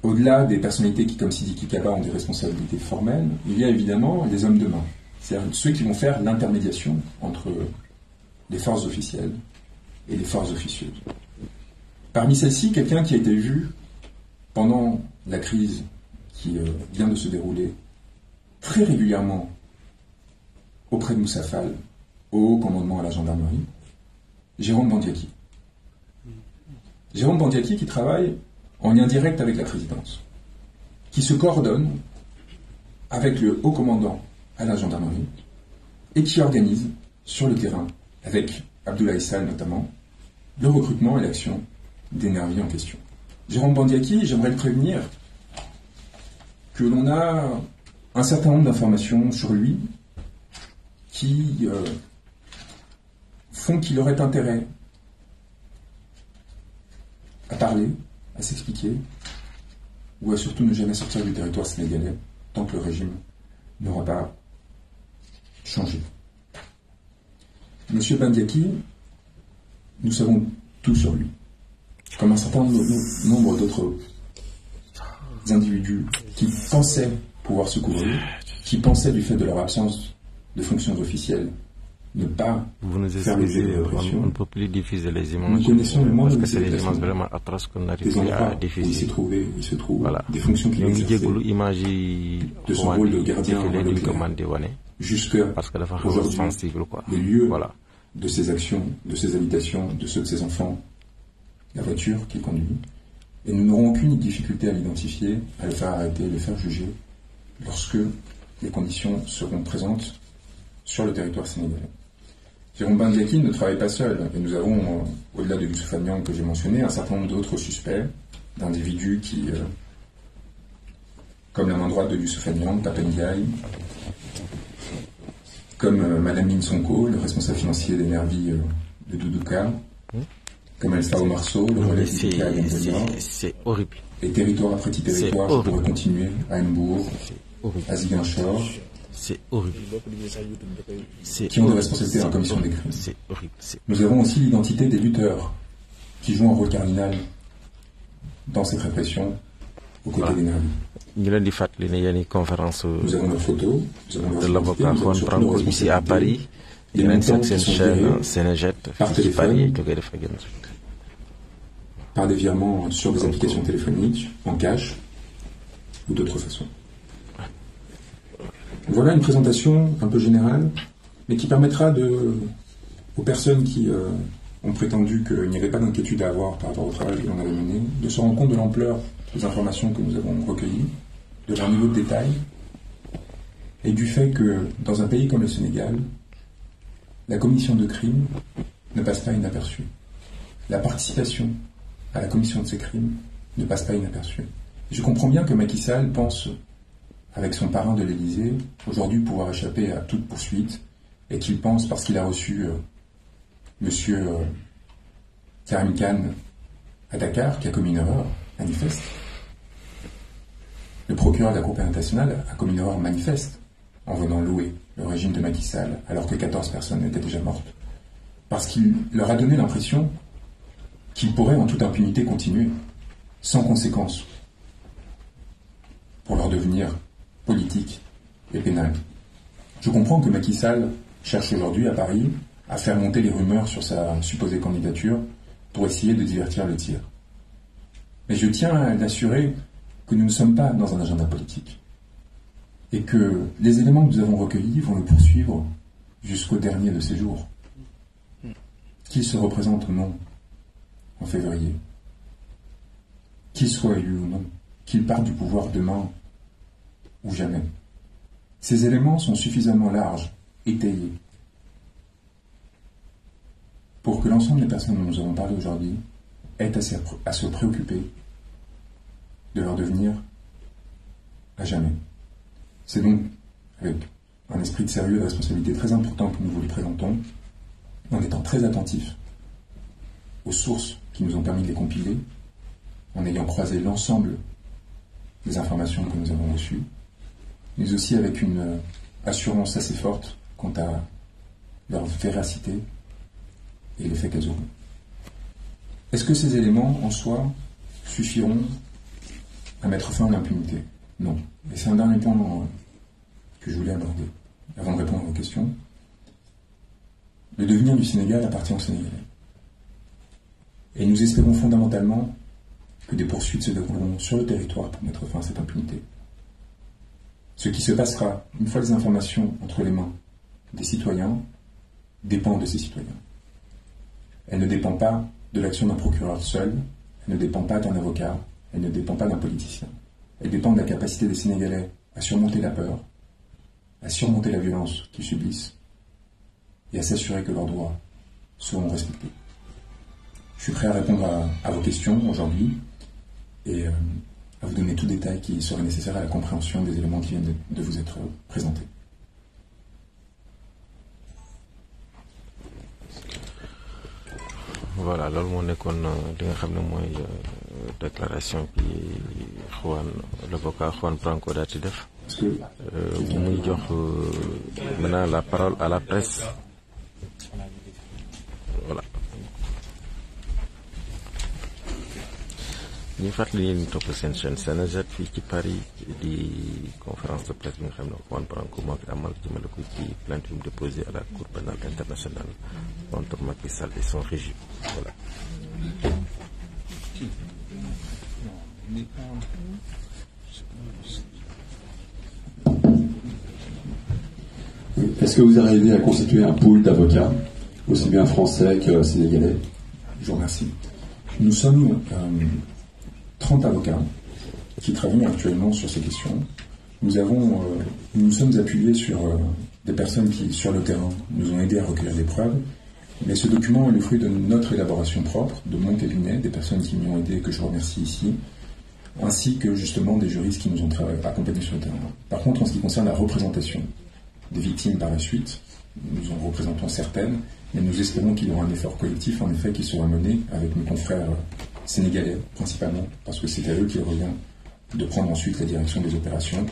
au-delà des personnalités qui, comme Sidi Kikaba, ont des responsabilités formelles, il y a évidemment les hommes de main, c'est-à-dire ceux qui vont faire l'intermédiation entre les forces officielles et les forces officieuses. Parmi celles-ci, quelqu'un qui a été vu pendant la crise qui euh, vient de se dérouler très régulièrement auprès de Moussa au haut commandement à la gendarmerie, Jérôme Bandiaki. Jérôme Bandiaki qui travaille en lien direct avec la présidence, qui se coordonne avec le haut commandant à la gendarmerie et qui organise sur le terrain, avec Abdoulaye Sal notamment, le recrutement et l'action des nervis en question. Jérôme Bandiaki, j'aimerais le prévenir que l'on a un certain nombre d'informations sur lui qui euh, font qu'il aurait intérêt à parler, à s'expliquer, ou à surtout ne jamais sortir du territoire sénégalais tant que le régime n'aura pas changer. Monsieur Bandiaki, nous savons tout sur lui, comme un certain nombre d'autres individus qui pensaient pouvoir se couvrir, qui pensaient du fait de leur absence de fonctions officielles ne pas vous faire les on, on ne peut plus diffuser les images. Nous connaissons les parce que c'est des images vraiment atroces qu'on arrive à diffuser. il s'est trouvé, il se trouve, des fonctions qui exerçait, de son rôle de gardien, de jusqu'à aujourd'hui les lieux voilà. de ses actions, de ses habitations, de ceux de ses enfants, la voiture qu'il conduit. Et nous n'aurons aucune difficulté à l'identifier, à le faire arrêter, à le faire juger, lorsque les conditions seront présentes sur le territoire sénégalais. Jérôme Bandiaki ne travaille pas seul, et nous avons, euh, au-delà de Youssouf que j'ai mentionné, un certain nombre d'autres suspects, d'individus qui, euh, comme la main droite de Youssouf Niang, comme euh, Madame Ninsonko, le responsable financier des nervies euh, de Doudouka, comme Elsa Omarceau, le relais de C'est horrible. Et territoire après territoire, je pourrais continuer à Embourg, à Ziginchor, C'est horrible. Qui ont des responsabilités dans la commission des crimes. C'est horrible. Nous avons aussi l'identité des lutteurs qui jouent un rôle cardinal dans cette répression aux côtés ah. des nervis. Euh, nous avons di photos conférence de l'avocat Juan ici à Paris Il chaîne euh, Paris par des virements sur des applications euh, téléphoniques en cash ou d'autres façons voilà une présentation un peu générale mais qui permettra de aux personnes qui ont prétendu qu'il n'y avait pas d'inquiétude à avoir par rapport au travail que l'on avait mené, de se rendre compte de l'ampleur des informations que nous avons recueillies de leur niveau de détail et du fait que dans un pays comme le Sénégal, la commission de crimes ne passe pas inaperçue. La participation à la commission de ces crimes ne passe pas inaperçue. Je comprends bien que Macky Sall pense, avec son parrain de l'Élysée, aujourd'hui pouvoir échapper à toute poursuite, et qu'il pense, parce qu'il a reçu M. Euh, monsieur euh, Khan à Dakar, qui a commis une erreur manifeste, le procureur de la Cour internationale a commis une erreur manifeste en venant louer le régime de Macky Sall alors que 14 personnes étaient déjà mortes. Parce qu'il leur a donné l'impression qu'il pourrait en toute impunité continuer, sans conséquence, pour leur devenir politique et pénal. Je comprends que Macky Sall cherche aujourd'hui à Paris à faire monter les rumeurs sur sa supposée candidature pour essayer de divertir le tir. Mais je tiens à l'assurer que nous ne sommes pas dans un agenda politique. Et que les éléments que nous avons recueillis vont le poursuivre jusqu'au dernier de ces jours. Qu'il se représente ou non en février, qu'il soit élu ou non, qu'il parte du pouvoir demain ou jamais. Ces éléments sont suffisamment larges, étayés, pour que l'ensemble des personnes dont nous avons parlé aujourd'hui aient à se préoccuper de leur devenir à jamais. C'est donc avec un esprit de sérieux et de responsabilité très important que nous vous le présentons, en étant très attentifs aux sources qui nous ont permis de les compiler, en ayant croisé l'ensemble des informations que nous avons reçues, mais aussi avec une euh, assurance assez forte quant à leur véracité et l'effet qu'elles auront. Est-ce que ces éléments en soi suffiront mettre fin à l'impunité Non. Et c'est un dernier point que je voulais aborder, avant de répondre à vos questions. Le devenir du Sénégal appartient au Sénégalais. Et nous espérons fondamentalement que des poursuites se dérouleront sur le territoire pour mettre fin à cette impunité. Ce qui se passera une fois les informations entre les mains des citoyens dépend de ces citoyens. Elle ne dépend pas de l'action d'un procureur seul, elle ne dépend pas d'un avocat, elle ne dépend pas d'un politicien. Elle dépend de la capacité des Sénégalais à surmonter la peur, à surmonter la violence qu'ils subissent et à s'assurer que leurs droits seront respectés. Je suis prêt à répondre à, vos questions aujourd'hui et euh, à vous donner tout détail qui serait nécessaire à la compréhension des éléments qui viennent de, vous être présentés. voilà là le monde est qu'on a déclaration qui Juan l'avocat Juan Branco daal di def euh muy jox euh, maintenant la parole à la presse voilà ñuy fàttali ñu top sen chaîne Senejet fii ci Paris di conférence de presse de xam Juan Branco moo ko amal ci ko ci plainte bi déposé à la Cour pénale internationale contre Macky Sall et son régime voilà est-ce que vous arrivez à constituer un pool d'avocats, aussi bien français que sénégalais Je vous remercie. Nous sommes 30 euh, avocats qui travaillent actuellement sur ces questions. Nous, avons, euh, nous, sommes appuyés sur euh, des personnes qui, sur le terrain, nous ont aidés à recueillir des preuves. Mais ce document est le fruit de notre élaboration propre, de mon cabinet, des personnes qui m'ont aidé que je remercie ici, ainsi que justement des juristes qui nous ont accompagnés sur le terrain. Par contre, en ce qui concerne la représentation des victimes par la suite, nous en représentons certaines, mais nous espérons qu'il y aura un effort collectif, en effet, qui sera mené avec nos confrères sénégalais, principalement, parce que c'est à eux qu'il revient de prendre ensuite la direction des opérations,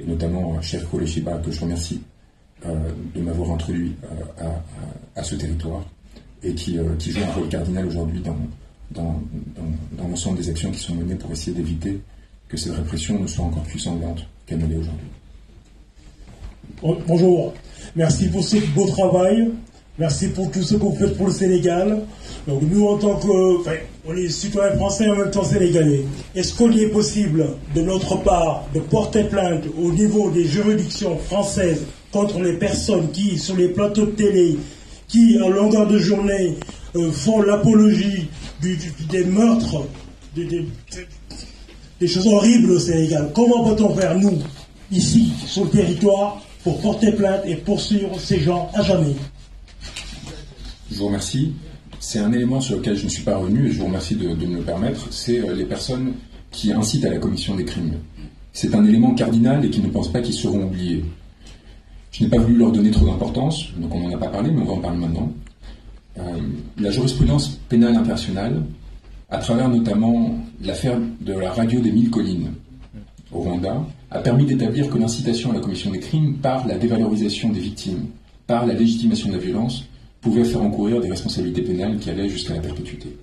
et notamment euh, cher Koleshiba, que je remercie euh, de m'avoir introduit euh, à, ce territoire, et qui, qui joue un rôle cardinal aujourd'hui dans, dans, l'ensemble des actions qui sont menées pour essayer d'éviter que cette répression ne soit encore plus sanglante qu'elle ne l'est aujourd'hui. Bonjour, merci pour ce beau travail, merci pour tout ce que vous faites pour le Sénégal. nous, en tant que... on est citoyens français et en même temps sénégalais. Est-ce qu'il est possible, de notre part, de porter plainte au niveau des juridictions françaises contre les personnes qui, sur les plateaux de télé, qui, en longueur de journée, euh, font l'apologie des meurtres, des, choses horribles au Sénégal. Comment peut-on faire, nous, ici, sur le territoire, pour porter plainte et poursuivre ces gens à jamais Je vous remercie. C'est un élément sur lequel je ne suis pas revenu et je vous remercie de, de me le permettre. C'est euh, les personnes qui incitent à la commission des crimes. C'est un élément cardinal et qui ne pense pas qu'ils seront oubliés. Je n'ai pas voulu leur donner trop d'importance, donc on n'en a pas parlé, mais on va en parler maintenant. Euh, la jurisprudence pénale impersonnelle, à travers notamment l'affaire de la radio des mille collines au Rwanda, a permis d'établir que l'incitation à la commission des crimes par la dévalorisation des victimes, par la légitimation de la violence, pouvait faire encourir des responsabilités pénales qui allaient jusqu'à la perpétuité.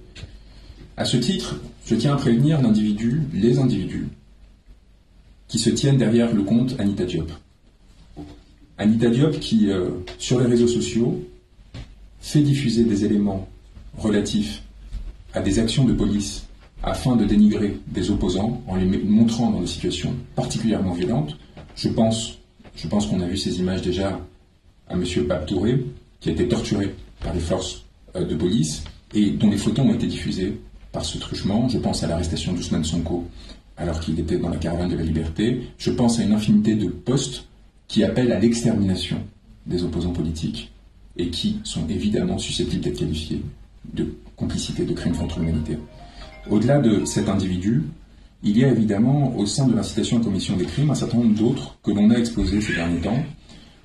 À ce titre, je tiens à prévenir l'individu, les individus, qui se tiennent derrière le compte Anita Diop. Anita Diop qui, euh, sur les réseaux sociaux, fait diffuser des éléments relatifs à des actions de police afin de dénigrer des opposants en les montrant dans des situations particulièrement violentes. Je pense, je pense qu'on a vu ces images déjà à M. Pape Touré, qui a été torturé par les forces euh, de police et dont les photos ont été diffusées par ce truchement. Je pense à l'arrestation d'Ousmane Sonko alors qu'il était dans la caravane de la liberté. Je pense à une infinité de postes qui appellent à l'extermination des opposants politiques et qui sont évidemment susceptibles d'être qualifiés de complicité de crimes contre l'humanité. Au-delà de cet individu, il y a évidemment au sein de l'incitation à commission des crimes un certain nombre d'autres que l'on a exposés ces derniers temps.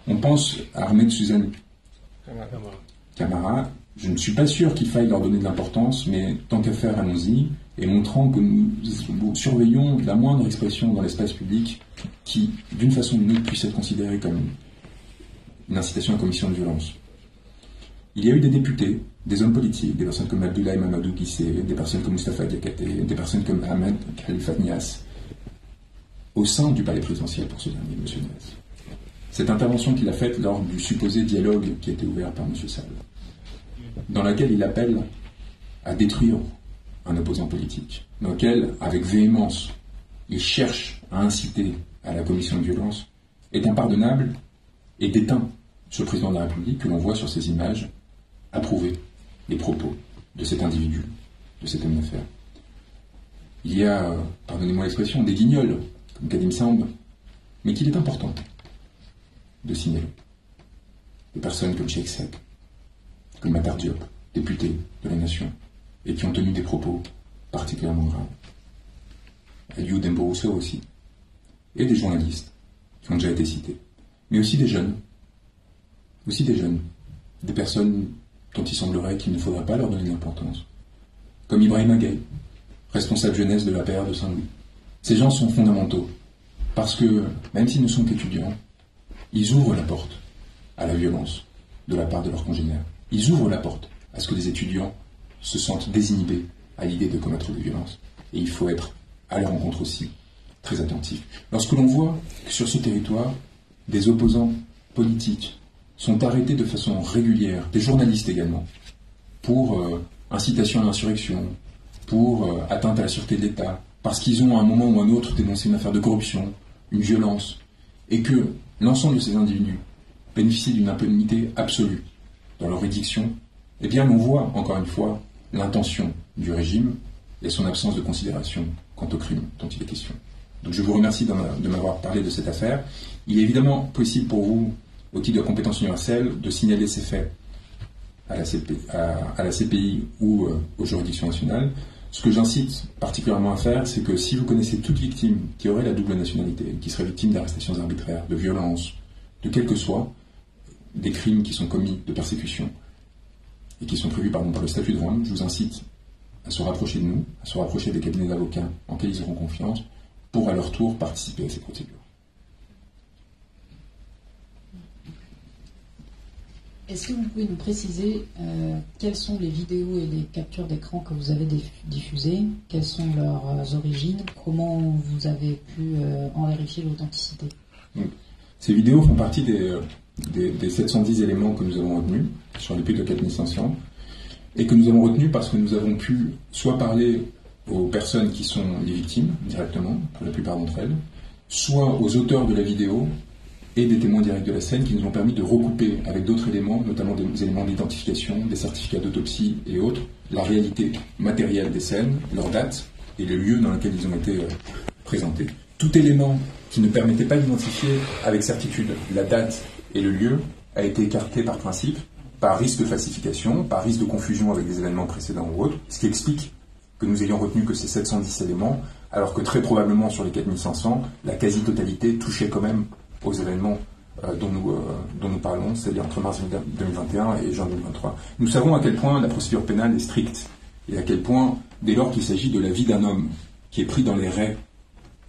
On pense à Ahmed Suzanne Camara. Je ne suis pas sûr qu'il faille leur donner de l'importance, mais tant qu'à faire, allons-y, et montrant que nous, surveillons la moindre expression dans l'espace public qui, d'une façon ou d'une autre, puisse être considérée comme une incitation à commission de violence. Il y a eu des députés, des hommes politiques, des personnes comme Abdoulaye Mamadou Kissé, des personnes comme Mustafa Diakate, des personnes comme Ahmed Khalifa Nias, au sein du palais présidentiel pour ce dernier, M. Nias. Cette intervention qu'il a faite lors du supposé dialogue qui a été ouvert par M. Sall, dans laquelle il appelle à détruire un opposant politique, dans lequel, avec véhémence, il cherche à inciter à la commission de violence, est impardonnable et déteint ce président de la République que l'on voit sur ces images approuver les propos de cet individu, de cet homme d'affaires. Il y a, euh, pardonnez-moi l'expression, des guignols, comme Kadim Samb, mais qu'il est important de signaler. Des personnes comme Sheikh comme Matar Diop, député de la Nation, et qui ont tenu des propos particulièrement graves. Aliou dembo aussi, et des journalistes qui ont déjà été cités, mais aussi des jeunes, aussi des jeunes, des personnes dont il semblerait qu'il ne faudrait pas leur donner d'importance. Comme Ibrahim Agaï, responsable jeunesse de la PR de Saint-Louis. Ces gens sont fondamentaux, parce que, même s'ils ne sont qu'étudiants, ils ouvrent la porte à la violence de la part de leurs congénères. Ils ouvrent la porte à ce que les étudiants se sentent désinhibés à l'idée de commettre des violences. Et il faut être à leur rencontre aussi très attentif. Lorsque l'on voit que sur ce territoire, des opposants politiques, sont arrêtés de façon régulière, des journalistes également, pour euh, incitation à l'insurrection, pour euh, atteinte à la sûreté de l'État, parce qu'ils ont à un moment ou à un autre dénoncé une affaire de corruption, une violence, et que l'ensemble de ces individus bénéficient d'une impunité absolue dans leur édiction, eh bien on voit encore une fois l'intention du régime et son absence de considération quant au crime dont il est question. Donc je vous remercie de m'avoir parlé de cette affaire. Il est évidemment possible pour vous au titre de compétence universelle de signaler ces faits à la, CPI ou euh, aux juridictions nationales. Ce que j'incite particulièrement à faire, c'est que si vous connaissez toute victime qui aurait la double nationalité, qui serait victime d'arrestations arbitraires, de violences, de quel que soit, des crimes qui sont commis de persécution et qui sont prévus par le statut de Rome, je vous incite à se rapprocher de nous, à se rapprocher des cabinets d'avocats en qui ils auront confiance, pour à leur tour participer à ces procédures. Est-ce que vous pouvez nous préciser euh, quelles sont les vidéos et les captures d'écran que vous avez diffusées Quelles sont leurs euh, origines Comment vous avez pu euh, en vérifier l'authenticité Ces vidéos font partie des, des, 710 éléments que nous avons retenus sur les plus de 4500 et que nous avons retenus parce que nous avons pu soit parler aux personnes qui sont les victimes directement, pour la plupart d'entre elles, soit aux auteurs de la vidéo et des témoins directs de la scène qui nous ont permis de recouper avec d'autres éléments, notamment des éléments d'identification, des certificats d'autopsie et autres, la réalité matérielle des scènes, leur date et le lieu dans lequel ils ont été euh, présentés. Tout élément qui ne permettait pas d'identifier avec certitude la date et le lieu a été écarté par principe, par risque de falsification, par risque de confusion avec des événements précédents ou autres, ce qui explique que nous ayons retenu que ces 710 éléments, alors que très probablement sur les 4500, la quasi-totalité touchait quand même aux événements euh, dont nous, euh, dont nous parlons, c'est-à-dire entre mars 2021 et janvier 2023. Nous savons à quel point la procédure pénale est stricte et à quel point, dès lors qu'il s'agit de la vie d'un homme qui est pris dans les raies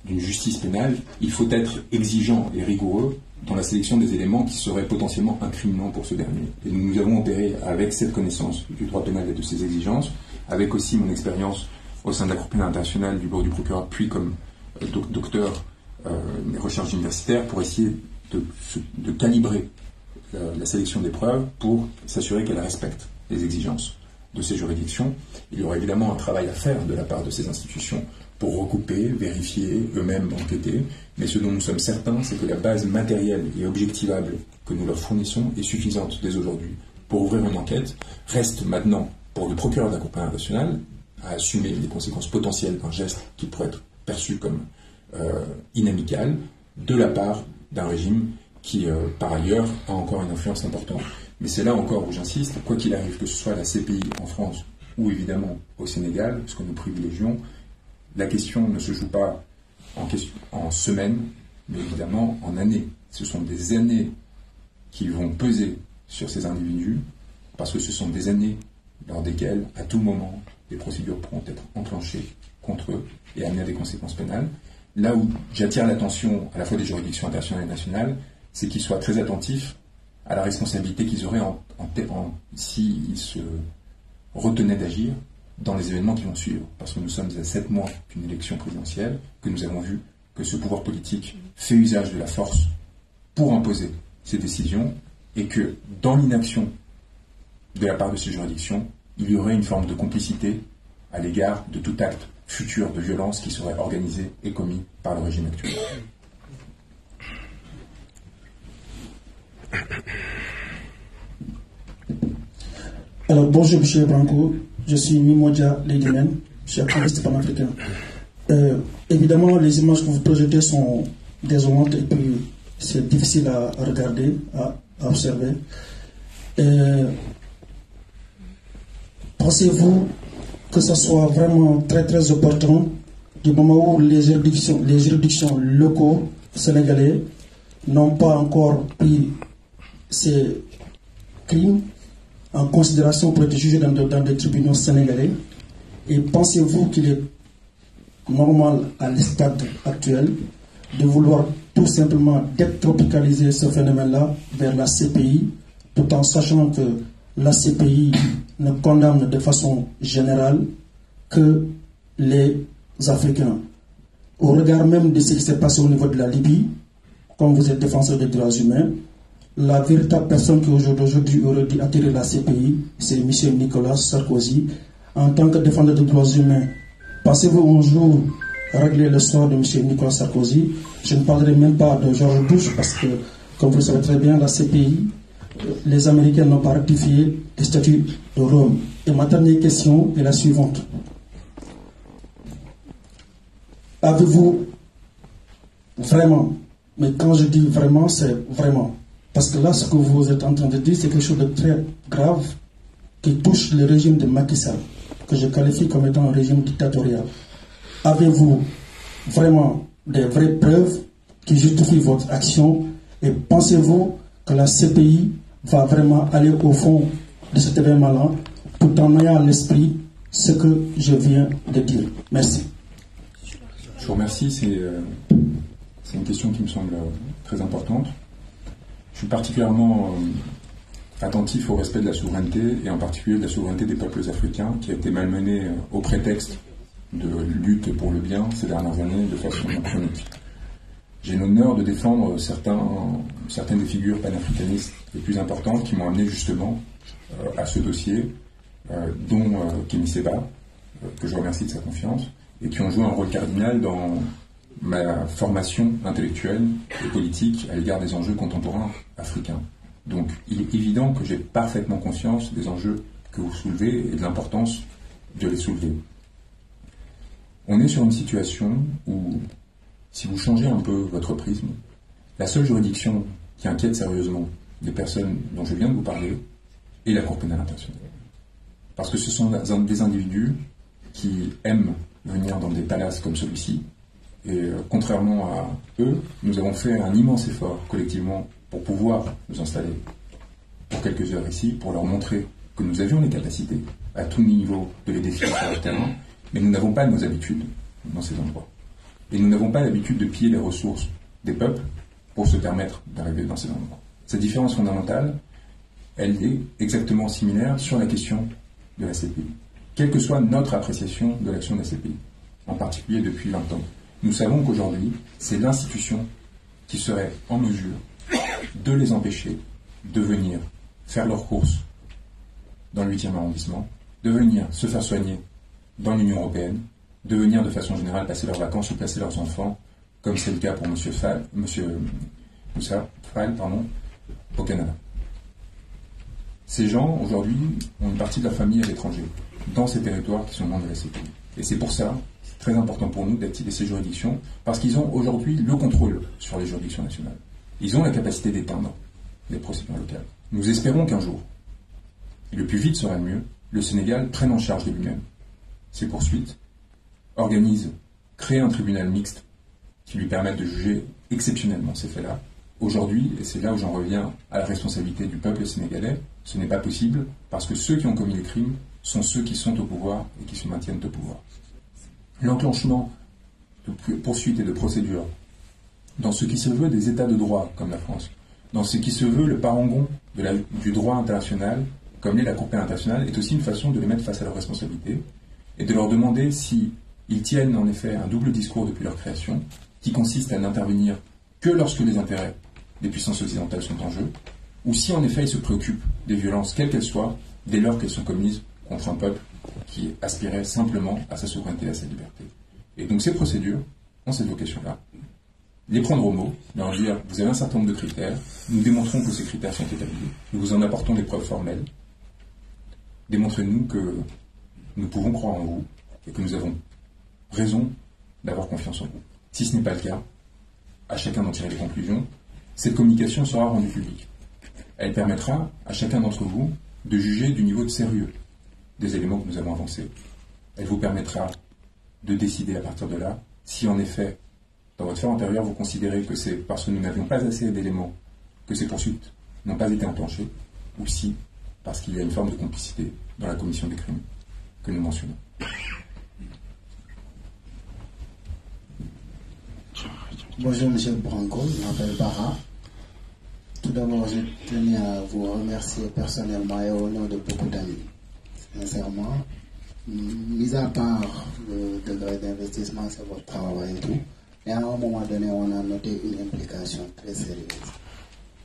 d'une justice pénale, il faut être exigeant et rigoureux dans la sélection des éléments qui seraient potentiellement incriminants pour ce dernier. Et nous, nous avons opéré avec cette connaissance du droit pénal et de ses exigences, avec aussi mon expérience au sein de la Cour pénale internationale du bureau du procureur, puis comme euh, docteur les euh, recherches universitaires pour essayer de, calibrer euh, la, sélection des preuves pour s'assurer qu'elle respecte les exigences de ces juridictions. Il y aura évidemment un travail à faire de la part de ces institutions pour recouper, vérifier, eux-mêmes enquêter, mais ce dont nous sommes certains, c'est que la base matérielle et objectivable que nous leur fournissons est suffisante dès aujourd'hui pour ouvrir une enquête. Reste maintenant pour le procureur d'un compagnon national à assumer les conséquences potentielles d'un geste qui pourrait être perçu comme euh, inamicales de la part d'un régime qui, euh, par ailleurs, a encore une influence importante. Mais c'est là encore où j'insiste, quoi qu'il arrive, que ce soit la CPI en France ou évidemment au Sénégal, ce que nous privilégions, la question ne se joue pas en, en semaines, mais évidemment en années. Ce sont des années qui vont peser sur ces individus, parce que ce sont des années lors desquelles, à tout moment, des procédures pourront être enclenchées contre eux et amener à des conséquences pénales là où j'attire l'attention à la fois des juridictions internationales et nationales, c'est qu'ils soient très attentifs à la responsabilité qu'ils auraient en, s'ils se retenaient d'agir dans les événements qui vont suivre. Parce que nous sommes à sept mois d'une élection présidentielle, que nous avons vu que ce pouvoir politique fait usage de la force pour imposer ses décisions, et que dans l'inaction de la part de ces juridictions, il y aurait une forme de complicité à l'égard de tout acte futur de violence qui serait organisées et commis par le régime actuel. Alors bonjour monsieur Branco, je suis Mimodia Ledimen, je suis panafricain. Euh, évidemment, les images que vous projetez sont désolantes et c'est difficile à regarder, à, observer. Euh, pensez-vous que ce soit vraiment très très opportun du moment où les juridictions, les juridictions locaux sénégalais n'ont pas encore pris ces crimes en considération pour être jugés dans, dans des tribunaux sénégalais. Et pensez-vous qu'il est normal à l'état actuel de vouloir tout simplement détropicaliser ce phénomène-là vers la CPI, tout en sachant que la CPI ne condamne de façon générale que les Africains. Au regard même de ce qui s'est passé au niveau de la Libye, comme vous êtes défenseur des droits humains, la véritable personne qui aujourd'hui aurait dû attirer la CPI, c'est M. Nicolas Sarkozy, en tant que défenseur des droits humains. passez vous un jour régler le sort de M. Nicolas Sarkozy Je ne parlerai même pas de George Bush parce que, comme vous le savez très bien, la CPI les Américains n'ont pas ratifié le statut de Rome. Et ma dernière question est la suivante. Avez-vous vraiment, mais quand je dis vraiment, c'est vraiment, parce que là, ce que vous êtes en train de dire, c'est quelque chose de très grave qui touche le régime de Macky que je qualifie comme étant un régime dictatorial. Avez-vous vraiment des vraies preuves qui justifient votre action et pensez-vous que la CPI va vraiment aller au fond de cet événement-là pour ayant à l'esprit ce que je viens de dire. Merci. Je vous remercie. C'est euh, une question qui me semble euh, très importante. Je suis particulièrement euh, attentif au respect de la souveraineté et en particulier de la souveraineté des peuples africains qui a été malmenée au prétexte de lutte pour le bien ces dernières années de façon chronique j'ai l'honneur de défendre certains, certaines des figures panafricanistes les plus importantes qui m'ont amené justement euh, à ce dossier, euh, dont euh, Kimiseba, Seba, que je remercie de sa confiance, et qui ont joué un rôle cardinal dans ma formation intellectuelle et politique à l'égard des enjeux contemporains africains. Donc il est évident que j'ai parfaitement conscience des enjeux que vous soulevez et de l'importance de les soulever. On est sur une situation où si vous changez un peu votre prisme, la seule juridiction qui inquiète sérieusement des personnes dont je viens de vous parler est la Cour pénale internationale. Parce que ce sont des individus qui aiment venir dans des palaces comme celui-ci. Et euh, contrairement à eux, nous avons fait un immense effort collectivement pour pouvoir nous installer pour quelques heures ici, pour leur montrer que nous avions les capacités à tous les niveaux de les défier sur terrain, mais nous n'avons pas nos habitudes dans ces endroits. Et nous n'avons pas l'habitude de piller les ressources des peuples pour se permettre d'arriver dans ces endroits. Cette différence fondamentale, elle est exactement similaire sur la question de la CPI. Quelle que soit notre appréciation de l'action de la CPI, en particulier depuis 20 ans, nous savons qu'aujourd'hui, c'est l'institution qui serait en mesure de les empêcher de venir faire leur course dans le 8e arrondissement, de venir se faire soigner dans l'Union européenne, de venir de façon générale passer leurs vacances ou placer leurs enfants, comme c'est le cas pour M. Fall, Monsieur au Canada. Ces gens, aujourd'hui, ont une partie de leur famille à l'étranger, dans ces territoires qui sont la CPI. Et c'est pour ça, c'est très important pour nous d'activer ces juridictions, parce qu'ils ont aujourd'hui le contrôle sur les juridictions nationales. Ils ont la capacité d'éteindre les procédures locales. Nous espérons qu'un jour, et le plus vite sera le mieux, le Sénégal prenne en charge de lui-même ses poursuites organise, crée un tribunal mixte qui lui permette de juger exceptionnellement ces faits-là. Aujourd'hui, et c'est là où j'en reviens à la responsabilité du peuple sénégalais, ce n'est pas possible parce que ceux qui ont commis les crimes sont ceux qui sont au pouvoir et qui se maintiennent au pouvoir. L'enclenchement de poursuites et de procédures dans ce qui se veut des États de droit comme la France, dans ce qui se veut le parangon de du droit international comme l'est la Cour pénale internationale, est aussi une façon de les mettre face à leurs responsabilités et de leur demander si ils tiennent en effet un double discours depuis leur création, qui consiste à n'intervenir que lorsque les intérêts des puissances occidentales sont en jeu, ou si en effet ils se préoccupent des violences quelles qu'elles soient, dès lors qu'elles sont commises contre un peuple qui aspirait simplement à sa souveraineté et à sa liberté. Et donc ces procédures en cette vocation-là. Les prendre au mot, leur dire vous avez un certain nombre de critères, nous démontrons que ces critères sont établis, nous vous en apportons des preuves formelles, démontrez-nous que nous pouvons croire en vous et que nous avons raison d'avoir confiance en vous. Si ce n'est pas le cas, à chacun d'en tirer les conclusions. Cette communication sera rendue publique. Elle permettra à chacun d'entre vous de juger du niveau de sérieux des éléments que nous avons avancés. Elle vous permettra de décider à partir de là si en effet, dans votre faire antérieure, vous considérez que c'est parce que nous n'avions pas assez d'éléments que ces poursuites n'ont pas été enclenchées, ou si parce qu'il y a une forme de complicité dans la commission des crimes que nous mentionnons. Bonjour Monsieur Branco, je m'appelle Bara. Tout d'abord, je tenais à vous remercier personnellement et au nom de beaucoup d'amis. Sincèrement, mis à part le degré d'investissement, c'est votre travail et tout, mais à un moment donné, on a noté une implication très sérieuse.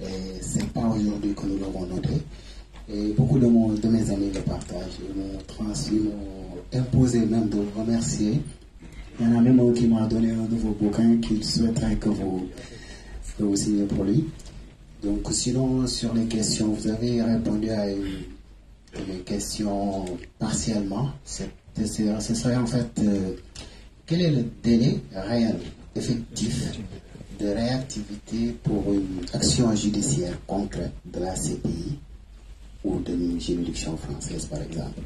Et ce n'est pas aujourd'hui que nous l'avons noté. Et beaucoup de, de mes amis le partagent. Ils m'ont transmis, m'ont imposé même de vous remercier il y en a même un qui m'a donné un nouveau bouquin qu'il souhaiterait que vous, signiez pour lui. Donc sinon, sur les questions, vous avez répondu à une, question partiellement. Ce serait en fait, euh, quel est le délai réel, effectif de réactivité pour une action judiciaire concrète de la CPI ou de juridiction française par exemple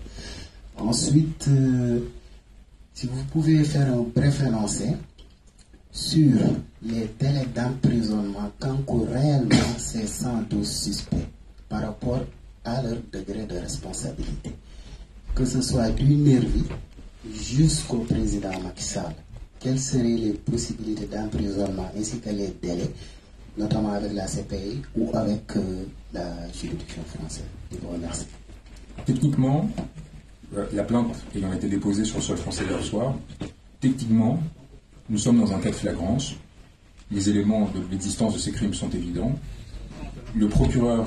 Ensuite, euh, si vous pouvez faire un bref énoncé sur les délais d'emprisonnement quand réellement ces 112 suspects par rapport à leur degré de responsabilité, que ce soit du nervi jusqu'au président Macky Sall. Quelles seraient les possibilités d'emprisonnement ainsi que les délais, notamment avec la CPI ou avec euh, la juridiction française Je vous remercie. Techniquement, euh, la plainte ayant été déposée sur le sol français hier soir, techniquement, nous sommes dans un cas de flagrance. Les éléments de l'existence de ces crimes sont évidents. Le procureur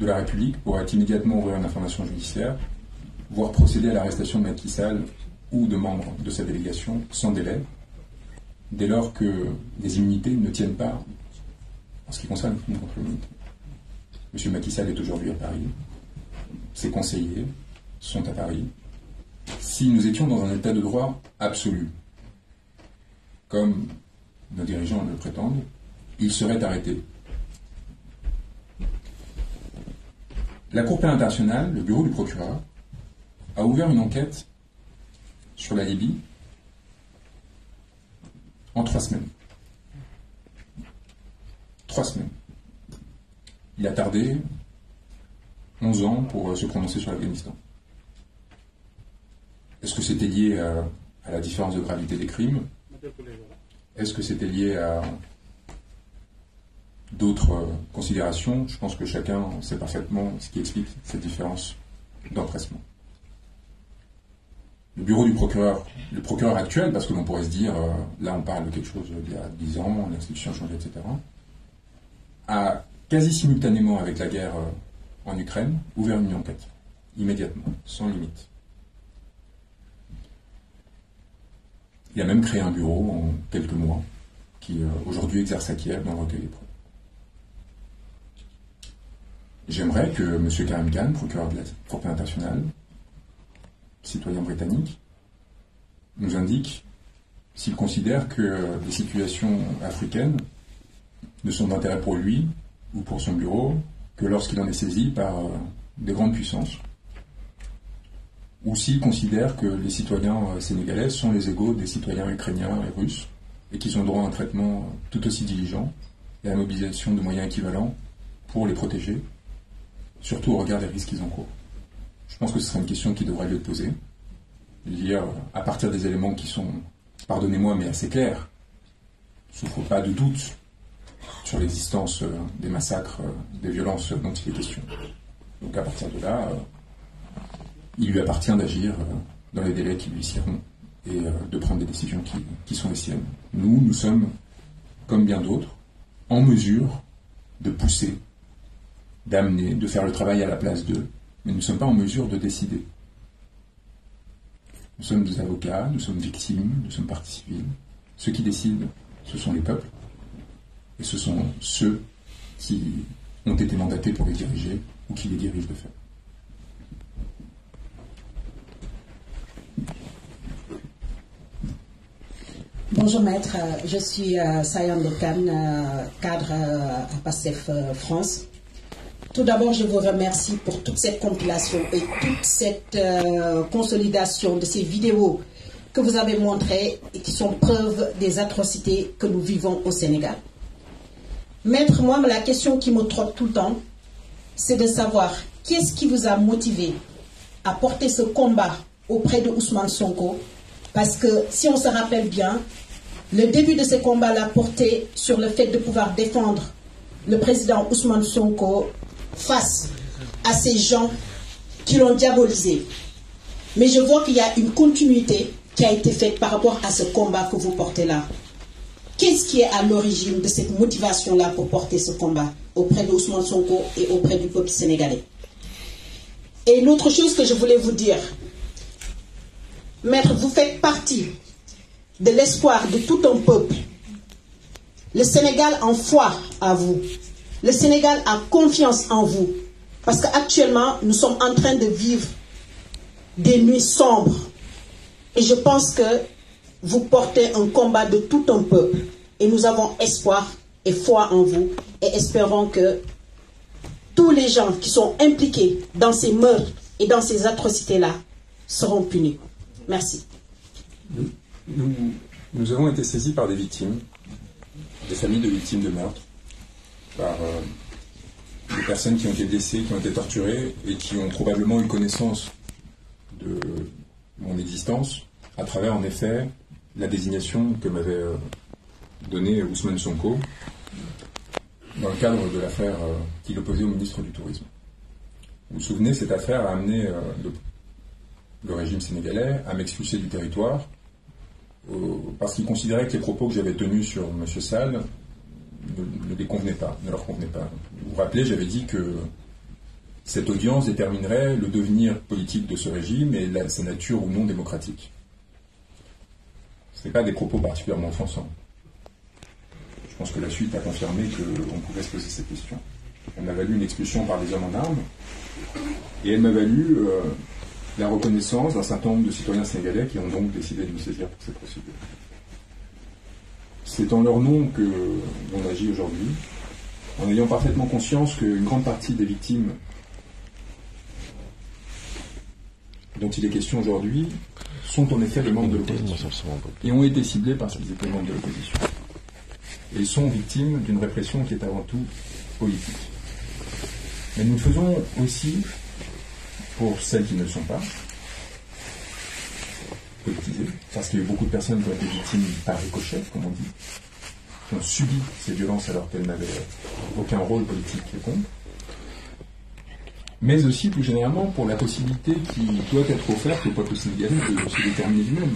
de la République pourrait immédiatement ouvrir une information judiciaire, voire procéder à l'arrestation de Macky Sall ou de membres de sa délégation sans délai, dès lors que les immunités ne tiennent pas en ce qui concerne le crime contre M. Macky est aujourd'hui à Paris. Ses conseillers, sont à Paris, si nous étions dans un état de droit absolu, comme nos dirigeants le prétendent, ils seraient arrêtés. La Cour pénale internationale, le bureau du procureur, a ouvert une enquête sur la Libye en trois semaines. Trois semaines. Il a tardé 11 ans pour euh, se prononcer sur l'Afghanistan. Est-ce que c'était lié à, la différence de gravité des crimes Est-ce que c'était lié à d'autres considérations Je pense que chacun sait parfaitement ce qui explique cette différence d'empressement. Le bureau du procureur, le procureur actuel, parce que l'on pourrait se dire, euh, là on parle de quelque chose d'il y a 10 ans, l'institution a changé, etc., a quasi simultanément avec la guerre euh, en Ukraine ouvert une enquête, immédiatement, sans limite. Il a même créé un bureau en quelques mois qui euh, aujourd'hui exerce à Kiev dans le recueil des preuves. J'aimerais que M. Karim Khan, procureur de la Cour internationale, citoyen britannique, nous indique s'il considère que les situations africaines ne sont d'intérêt pour lui ou pour son bureau que lorsqu'il en est saisi par euh, des grandes puissances ou s'ils considèrent que les citoyens euh, sénégalais sont les égaux des citoyens ukrainiens et russes, et qu'ils ont droit à un traitement tout aussi diligent et à la mobilisation de moyens équivalents pour les protéger, surtout au regard des risques qu'ils encourent. Je pense que ce serait une question qui devrait lui être posée. Il y a, euh, à partir des éléments qui sont, pardonnez-moi, mais assez clairs, ne souffre pas de doute sur l'existence euh, des massacres, des violences dont il est question. Donc à partir de là, il lui appartient d'agir euh, dans les délais qui lui seront et euh, de prendre des décisions qui, sont les siennes. Nous, nous sommes, comme bien d'autres, en mesure de pousser, d'amener, de faire le travail à la place d'eux, mais nous ne sommes pas en mesure de décider. Nous sommes des avocats, nous sommes victimes, nous sommes partis civils. Ceux qui décident, ce sont les peuples, et ce sont ceux qui ont été mandatés pour les diriger ou qui les dirigent de fait. Bonjour maître, euh, je suis euh, Sayan euh, cadre à PASSEF France. Tout d'abord, je vous remercie pour toute cette compilation et toute cette consolidation de ces vidéos que vous avez montrées et qui sont preuves des atrocités que nous vivons au Sénégal. Maître, moi, la question qui me trotte tout le temps, c'est de savoir qu'est-ce qui vous a motivé à porter ce combat auprès de Ousmane Sonko parce que si on se rappelle bien, le début de ce combat l'a porté sur le fait de pouvoir défendre le président Ousmane Sonko face à ces gens qui l'ont diabolisé. Mais je vois qu'il y a une continuité qui a été faite par rapport à ce combat que vous portez là. Qu'est-ce qui est à l'origine de cette motivation-là pour porter ce combat auprès de Ousmane Sonko et auprès du peuple sénégalais Et une autre chose que je voulais vous dire, Maître, vous faites partie de l'espoir de tout un peuple. Le Sénégal en foi à vous. Le Sénégal a confiance en vous. Parce qu'actuellement, nous sommes en train de vivre des nuits sombres. Et je pense que vous portez un combat de tout un peuple. Et nous avons espoir et foi en vous. Et espérons que tous les gens qui sont impliqués dans ces meurtres et dans ces atrocités-là seront punis. Merci nous, avons été saisis par des victimes, des familles de victimes de meurtre, par euh, des personnes qui ont été blessées, qui ont été torturées et qui ont probablement eu connaissance de mon existence à travers, en effet, la désignation que m'avait euh, donnée Ousmane Sonko dans le cadre de l'affaire euh, qu'il opposait au ministre du Tourisme. Vous vous souvenez, cette affaire a amené le, le régime sénégalais à m'expulser du territoire euh, parce qu'ils considéraient que les propos que j'avais tenus sur M. Salle ne, les convenaient pas, ne leur convenaient pas. Vous vous rappelez, j'avais dit que cette audience déterminerait le devenir politique de ce régime et sa nature ou non démocratique. Ce n'est pas des propos particulièrement offensants. Je pense que la suite a confirmé qu'on pouvait se poser cette question. Elle m'a valu une expulsion par des hommes en armes, et elle m'a valu euh, la reconnaissance d'un certain nombre de citoyens sénégalais qui ont donc décidé de nous saisir pour cette procédure. C'est en leur nom que l'on agit aujourd'hui, en ayant parfaitement conscience qu'une grande partie des victimes dont il est question aujourd'hui sont en effet des membres de l'opposition et ont été ciblés parce qu'ils étaient membres de l'opposition et sont victimes d'une répression qui est avant tout politique. Mais nous faisons aussi pour celles qui ne le sont pas, politisées, parce que beaucoup de personnes qui ont été victimes par ricochet, comme on dit, qui ont subi ces violences alors qu'elles n'avaient aucun rôle politique quelconque, mais aussi plus généralement pour la possibilité qui doit être offerte au peuple aller, de se déterminer lui-même.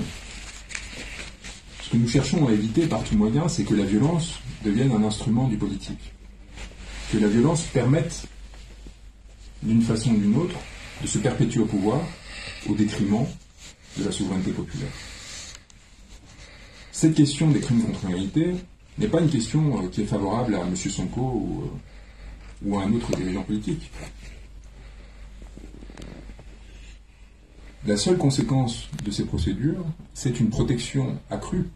Ce que nous cherchons à éviter par tout moyen, c'est que la violence devienne un instrument du politique, que la violence permette, d'une façon ou d'une autre, de se perpétuer au pouvoir au détriment de la souveraineté populaire. Cette question des crimes contre l'humanité n'est pas une question euh, qui est favorable à M. Sonko euh, ou, à un autre dirigeant politique. La seule conséquence de ces procédures, c'est une protection accrue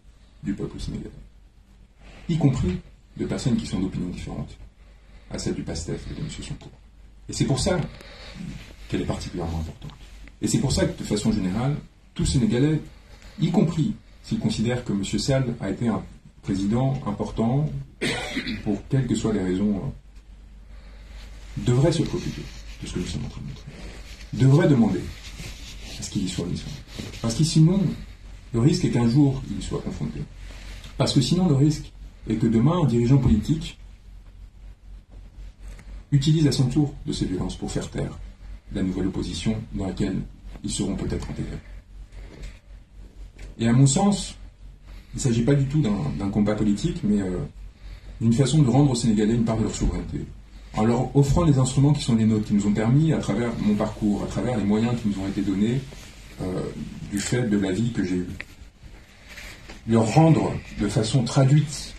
du peuple sénégalais, y compris de personnes qui sont d'opinions différentes à celle du PASTEF et de M. Sonko. Et c'est pour ça qu'elle est particulièrement importante. Et c'est pour ça que, de façon générale, tous Sénégalais, y compris s'ils considèrent que M. Sall a été un président important, pour quelles que soient les raisons, euh, devrait se préoccuper de ce que nous sommes en train de montrer. Devrait demander à ce qu'il y soit mis. Parce que sinon, le risque est qu'un jour, il y soit confronté. Parce que sinon, le risque est que demain, un dirigeant politique utilise à son tour de ces violences pour faire taire la nouvelle opposition dans laquelle ils seront peut-être intégrés. Et à mon sens, il ne s'agit pas du tout d'un combat politique, mais euh, d'une façon de rendre aux Sénégalais une part de leur souveraineté. En leur offrant les instruments qui sont les nôtres, qui nous ont permis, à travers mon parcours, à travers les moyens qui nous ont été donnés, euh, du fait de la vie que j'ai eue. Leur rendre de façon traduite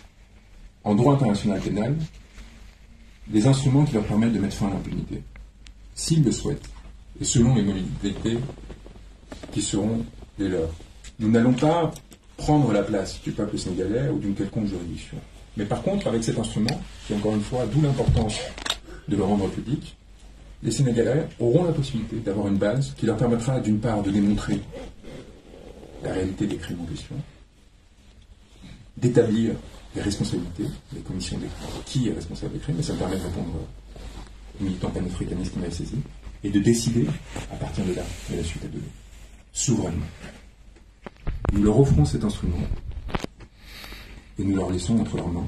en droit international pénal des instruments qui leur permettent de mettre fin à l'impunité s'ils le souhaitent, et selon les modalités qui seront les leurs. Nous n'allons pas prendre la place du peuple sénégalais ou d'une quelconque juridiction. Mais par contre, avec cet instrument, qui encore une fois, d'où l'importance de le rendre public, les Sénégalais auront la possibilité d'avoir une base qui leur permettra d'une part de démontrer la réalité des crimes en question, d'établir les responsabilités, les commissions des qui est responsable des crimes, et ça permet de répondre militant panafricaniste qui avait saisi, et de décider, à partir de là, de la suite à donner, souverainement. Nous leur offrons cet instrument, et nous leur laissons entre leurs mains,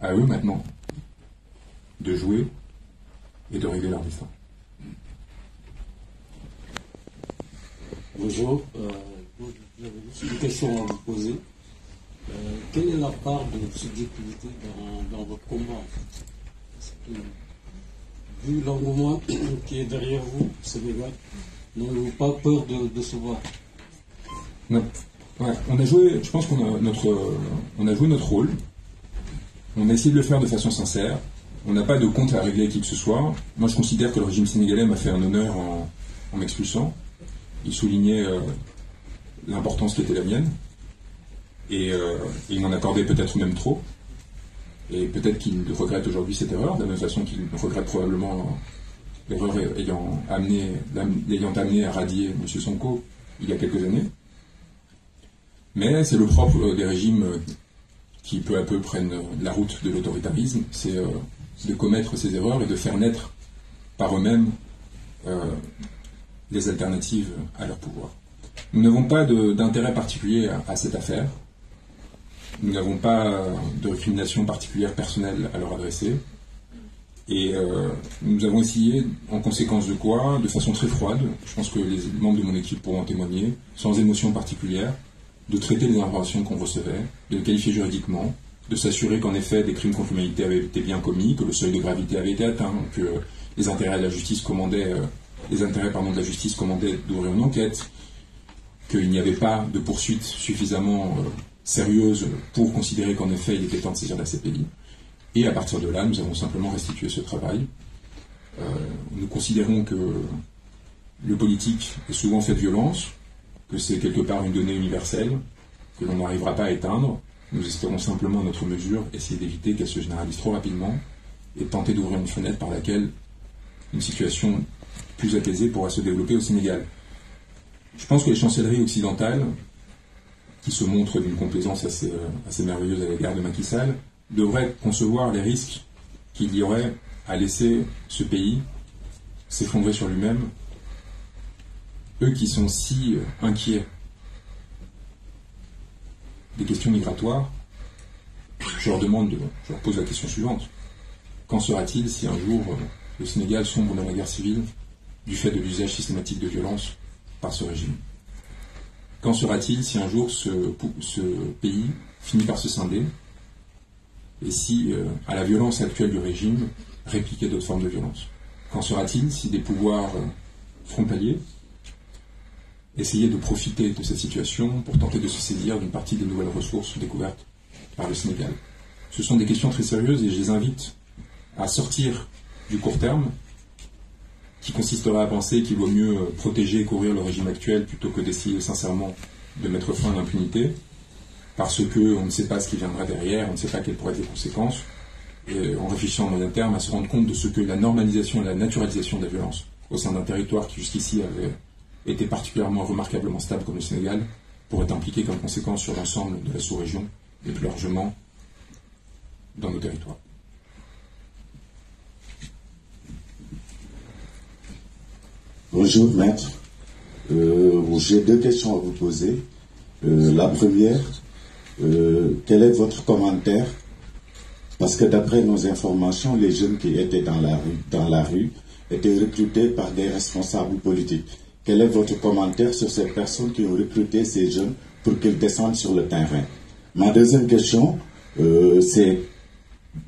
à eux maintenant, de jouer et de rêver leur destin. Bonjour, euh, une question à vous poser. Euh, quelle est la part de subjectivité dans, dans votre combat en fait vu l'engouement [CLEARS THROAT] qui est derrière vous, débat, n'avez-vous pas peur de, se voir Non. on a joué, je pense qu'on a notre, on a joué notre rôle. On a essayé de le faire de façon sincère. On n'a pas de compte à régler à qui que ce soit. Moi, je considère que le régime sénégalais m'a fait un honneur en, en m'expulsant. Il soulignait euh, l'importance qui était la mienne. Et euh, il m'en accordait peut-être même trop. Et peut-être qu'il regrette aujourd'hui cette erreur, de la même façon qu'il regrette probablement l'erreur ayant amené, l'ayant amené à radier M. Sonko il y a quelques années. Mais c'est le propre des régimes qui peu à peu prennent la route de l'autoritarisme, c'est euh, de commettre ces erreurs et de faire naître par eux-mêmes euh, des alternatives à leur pouvoir. Nous n'avons pas d'intérêt particulier à cette affaire. Nous n'avons pas euh, de récrimination particulière personnelle à leur adresser. Et euh, nous avons essayé, en conséquence de quoi, de façon très froide, je pense que les membres de mon équipe pourront en témoigner, sans émotion particulière, de traiter les informations qu'on recevait, de les qualifier juridiquement, de s'assurer qu'en effet des crimes contre l'humanité avaient été bien commis, que le seuil de gravité avait été atteint, que les intérêts de la justice commandaient, euh, les intérêts de la justice commandaient d'ouvrir une enquête, qu'il n'y avait pas de poursuite suffisamment sérieuse pour considérer qu'en effet il était temps de saisir la CPI. Et à partir de là, nous avons simplement restitué ce travail. Euh, nous considérons que le politique est souvent fait de violence, que c'est quelque part une donnée universelle, que l'on n'arrivera pas à éteindre. Nous espérons simplement, à notre mesure, essayer d'éviter qu'elle se généralise trop rapidement et tenter d'ouvrir une fenêtre par laquelle une situation plus apaisée pourra se développer au Sénégal. Je pense que les chancelleries occidentales qui se montre d'une complaisance euh, assez, merveilleuse à l'égard de Macky Sall, devrait concevoir les risques qu'il y aurait à laisser ce pays s'effondrer sur lui-même. Eux qui sont si euh, inquiets des questions migratoires, je leur demande, je leur pose la question suivante. Qu'en sera-t-il si un jour euh, le Sénégal sombre dans la guerre civile du fait de l'usage systématique de violence par ce régime Qu'en sera-t-il si un jour ce, pays finit par se scinder Et si, euh, à la violence actuelle du régime, répliquait d'autres formes de violence Qu'en sera-t-il si des pouvoirs euh, frontaliers essayaient de profiter de cette situation pour tenter de se saisir d'une partie des nouvelles ressources découvertes par le Sénégal Ce sont des questions très sérieuses et je les invite à sortir du court terme qui consisterait à penser qu'il vaut mieux euh, protéger et courir le régime actuel plutôt que d'essayer sincèrement de mettre fin à l'impunité, parce qu'on ne sait pas ce qui viendra derrière, on ne sait pas quelles pourraient être les conséquences, et euh, en réfléchissant à moyen terme, à se rendre compte de ce que la normalisation et la naturalisation des violences au sein d'un territoire qui jusqu'ici avait été particulièrement remarquablement stable comme le Sénégal pourrait impliquer comme conséquence sur l'ensemble de la sous-région et plus largement dans nos territoires. Bonjour maître. Euh, j'ai deux questions à vous poser. Euh, la première, euh, quel est votre commentaire Parce que d'après nos informations, les jeunes qui étaient dans la rue, dans la rue étaient recrutés par des responsables politiques. Quel est votre commentaire sur ces personnes qui ont recruté ces jeunes pour qu'ils descendent sur le terrain Ma deuxième question, c'est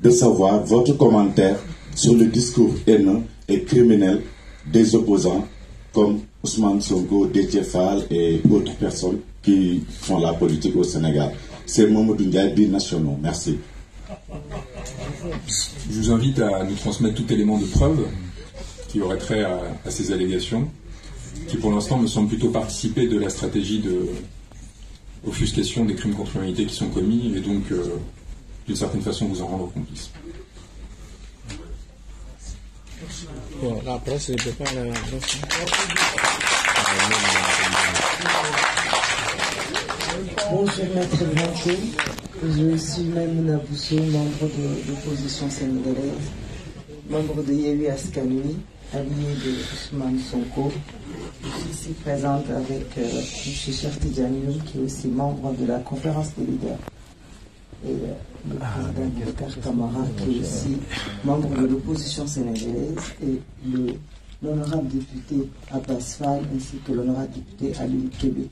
de savoir votre commentaire sur le discours haineux et criminel des opposants comme Ousmane Sonko, Fall et autres personnes qui font la politique au Sénégal. C'est Mamadou Ndiaye, National. Merci. Je vous invite à nous transmettre tout élément de preuve qui aurait trait à, ces allégations, qui pour l'instant me semblent plutôt participer de la stratégie de offuscation des crimes contre l'humanité qui sont commis et donc, euh, d'une certaine façon, vous en rendre complice. Bon, après c'est Bonjour, Maître Je suis un Nabousso, membre de l'opposition sénégalaise, membre de Yéwi Askanoui, allié de Ousmane Sonko. Je suis présente avec euh, M. Chertidjani, qui est aussi membre de la conférence des leaders. Abdelkader ah, Kamara, qui est aussi membre de l'opposition sénégalaise, et l'honorable député Abbas ainsi que l'honorable député Ali Kébé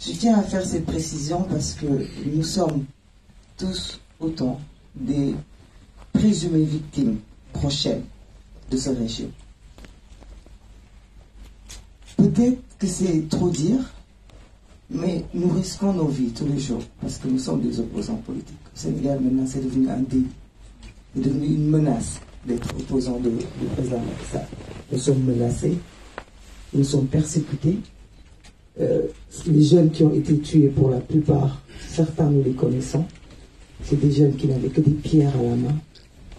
Je tiens à faire cette précision parce que nous sommes tous autant des présumées victimes prochaines de ce régime. Peut-être que c'est trop dire, mais nous risquons nos vies tous les jours parce que nous sommes des opposants politiques. Le Sénégal, maintenant, c'est devenu un délit. C'est devenu une menace d'être opposant de, président Nous sommes menacés, nous sommes persécutés. Euh, les jeunes qui ont été tués, pour la plupart, certains nous les connaissons, c'est des jeunes qui n'avaient que des pierres à la main,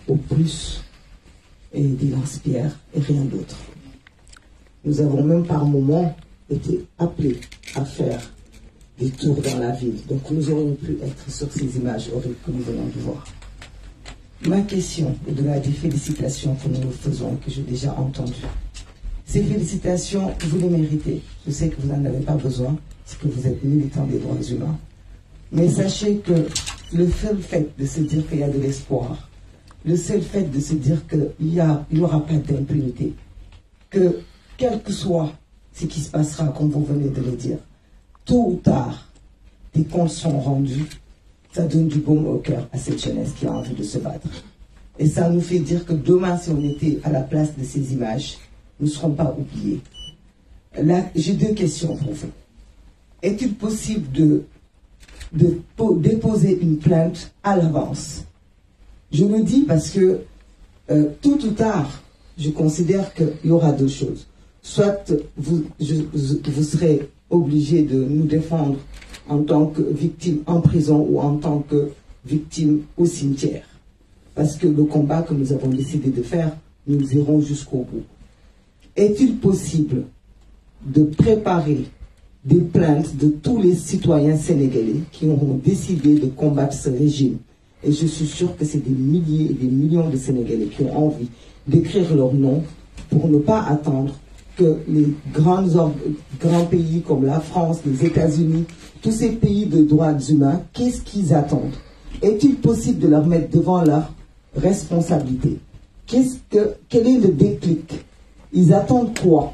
au plus, et des lance-pierres et rien d'autre. Nous avons même par moments été appelés à faire tour dans la ville. Donc nous aurions pu être sur ces images horribles que nous venons de voir. Ma question, au-delà des félicitations que nous nous faisons et que j'ai déjà entendues, ces félicitations, vous les méritez. Je sais que vous n'en avez pas besoin, parce que vous êtes militant des droits humains. Mais sachez que le seul fait de se dire qu'il y a de l'espoir, le seul fait de se dire qu'il n'y il aura pas d'impunité, que quel que soit ce qui se passera, comme vous venez de le dire, tôt ou tard, des comptes sont rendus, ça donne du bon au cœur à cette jeunesse qui a envie de se battre. Et ça nous fait dire que demain, si on était à la place de ces images, nous ne serons pas oubliés. Là, j'ai deux questions pour vous. Est-il possible de, de déposer une plainte à l'avance Je le dis parce que tout euh, tôt ou tard, je considère qu'il y aura deux choses. Soit vous, vous serez obligés de nous défendre en tant que victimes en prison ou en tant que victimes au cimetière. Parce que le combat que nous avons décidé de faire, nous irons jusqu'au bout. Est-il possible de préparer des plaintes de tous les citoyens sénégalais qui auront décidé de combattre ce régime Et je suis sûr que c'est des milliers et des millions de Sénégalais qui ont envie d'écrire leur nom pour ne pas attendre que les grands pays comme la France, les États-Unis, tous ces pays de droits humains, qu'est-ce qu'ils attendent Est-il possible de leur mettre devant leur responsabilité Qu'est-ce que, Quel est le déclic Ils attendent quoi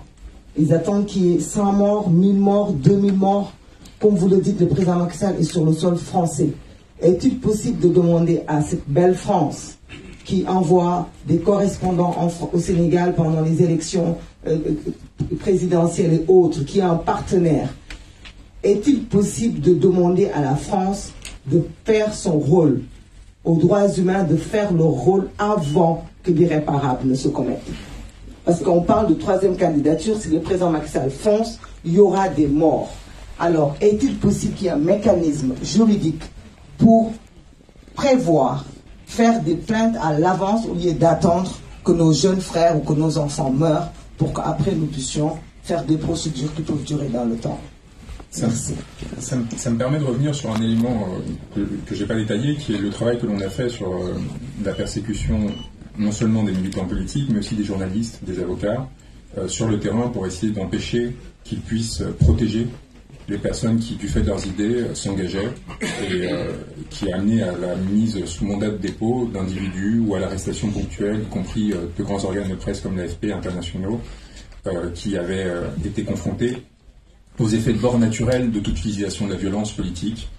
Ils attendent qu'il y ait 100 morts, 1000 morts, 2000 morts. Comme vous le dites, le président Macky est sur le sol français. Est-il possible de demander à cette belle France qui envoie des correspondants au Sénégal pendant les élections, euh, euh, présidentielle et autres, qui est un partenaire, est-il possible de demander à la France de faire son rôle, aux droits humains de faire leur rôle avant que l'irréparable ne se commette Parce qu'on parle de troisième candidature, si le président Macky Sall fonce, il y aura des morts. Alors, est-il possible qu'il y ait un mécanisme juridique pour prévoir, faire des plaintes à l'avance au lieu d'attendre que nos jeunes frères ou que nos enfants meurent pour qu'après nous puissions faire des procédures qui peuvent durer dans le temps. Ça, ça, me permet de revenir sur un élément euh, que je n'ai pas détaillé, qui est le travail que l'on a fait sur euh, la persécution non seulement des militants politiques, mais aussi des journalistes, des avocats, euh, sur le terrain pour essayer d'empêcher qu'ils puissent protéger les personnes qui, du fait de leurs idées, euh, s'engageaient et euh, qui a amené à la mise sous mandat de dépôt d'individus ou à l'arrestation ponctuelle, y compris euh, de grands organes de presse comme l'AFP internationaux, qui avaient été confrontés aux effets de bord naturels de toute utilisation de la violence politique.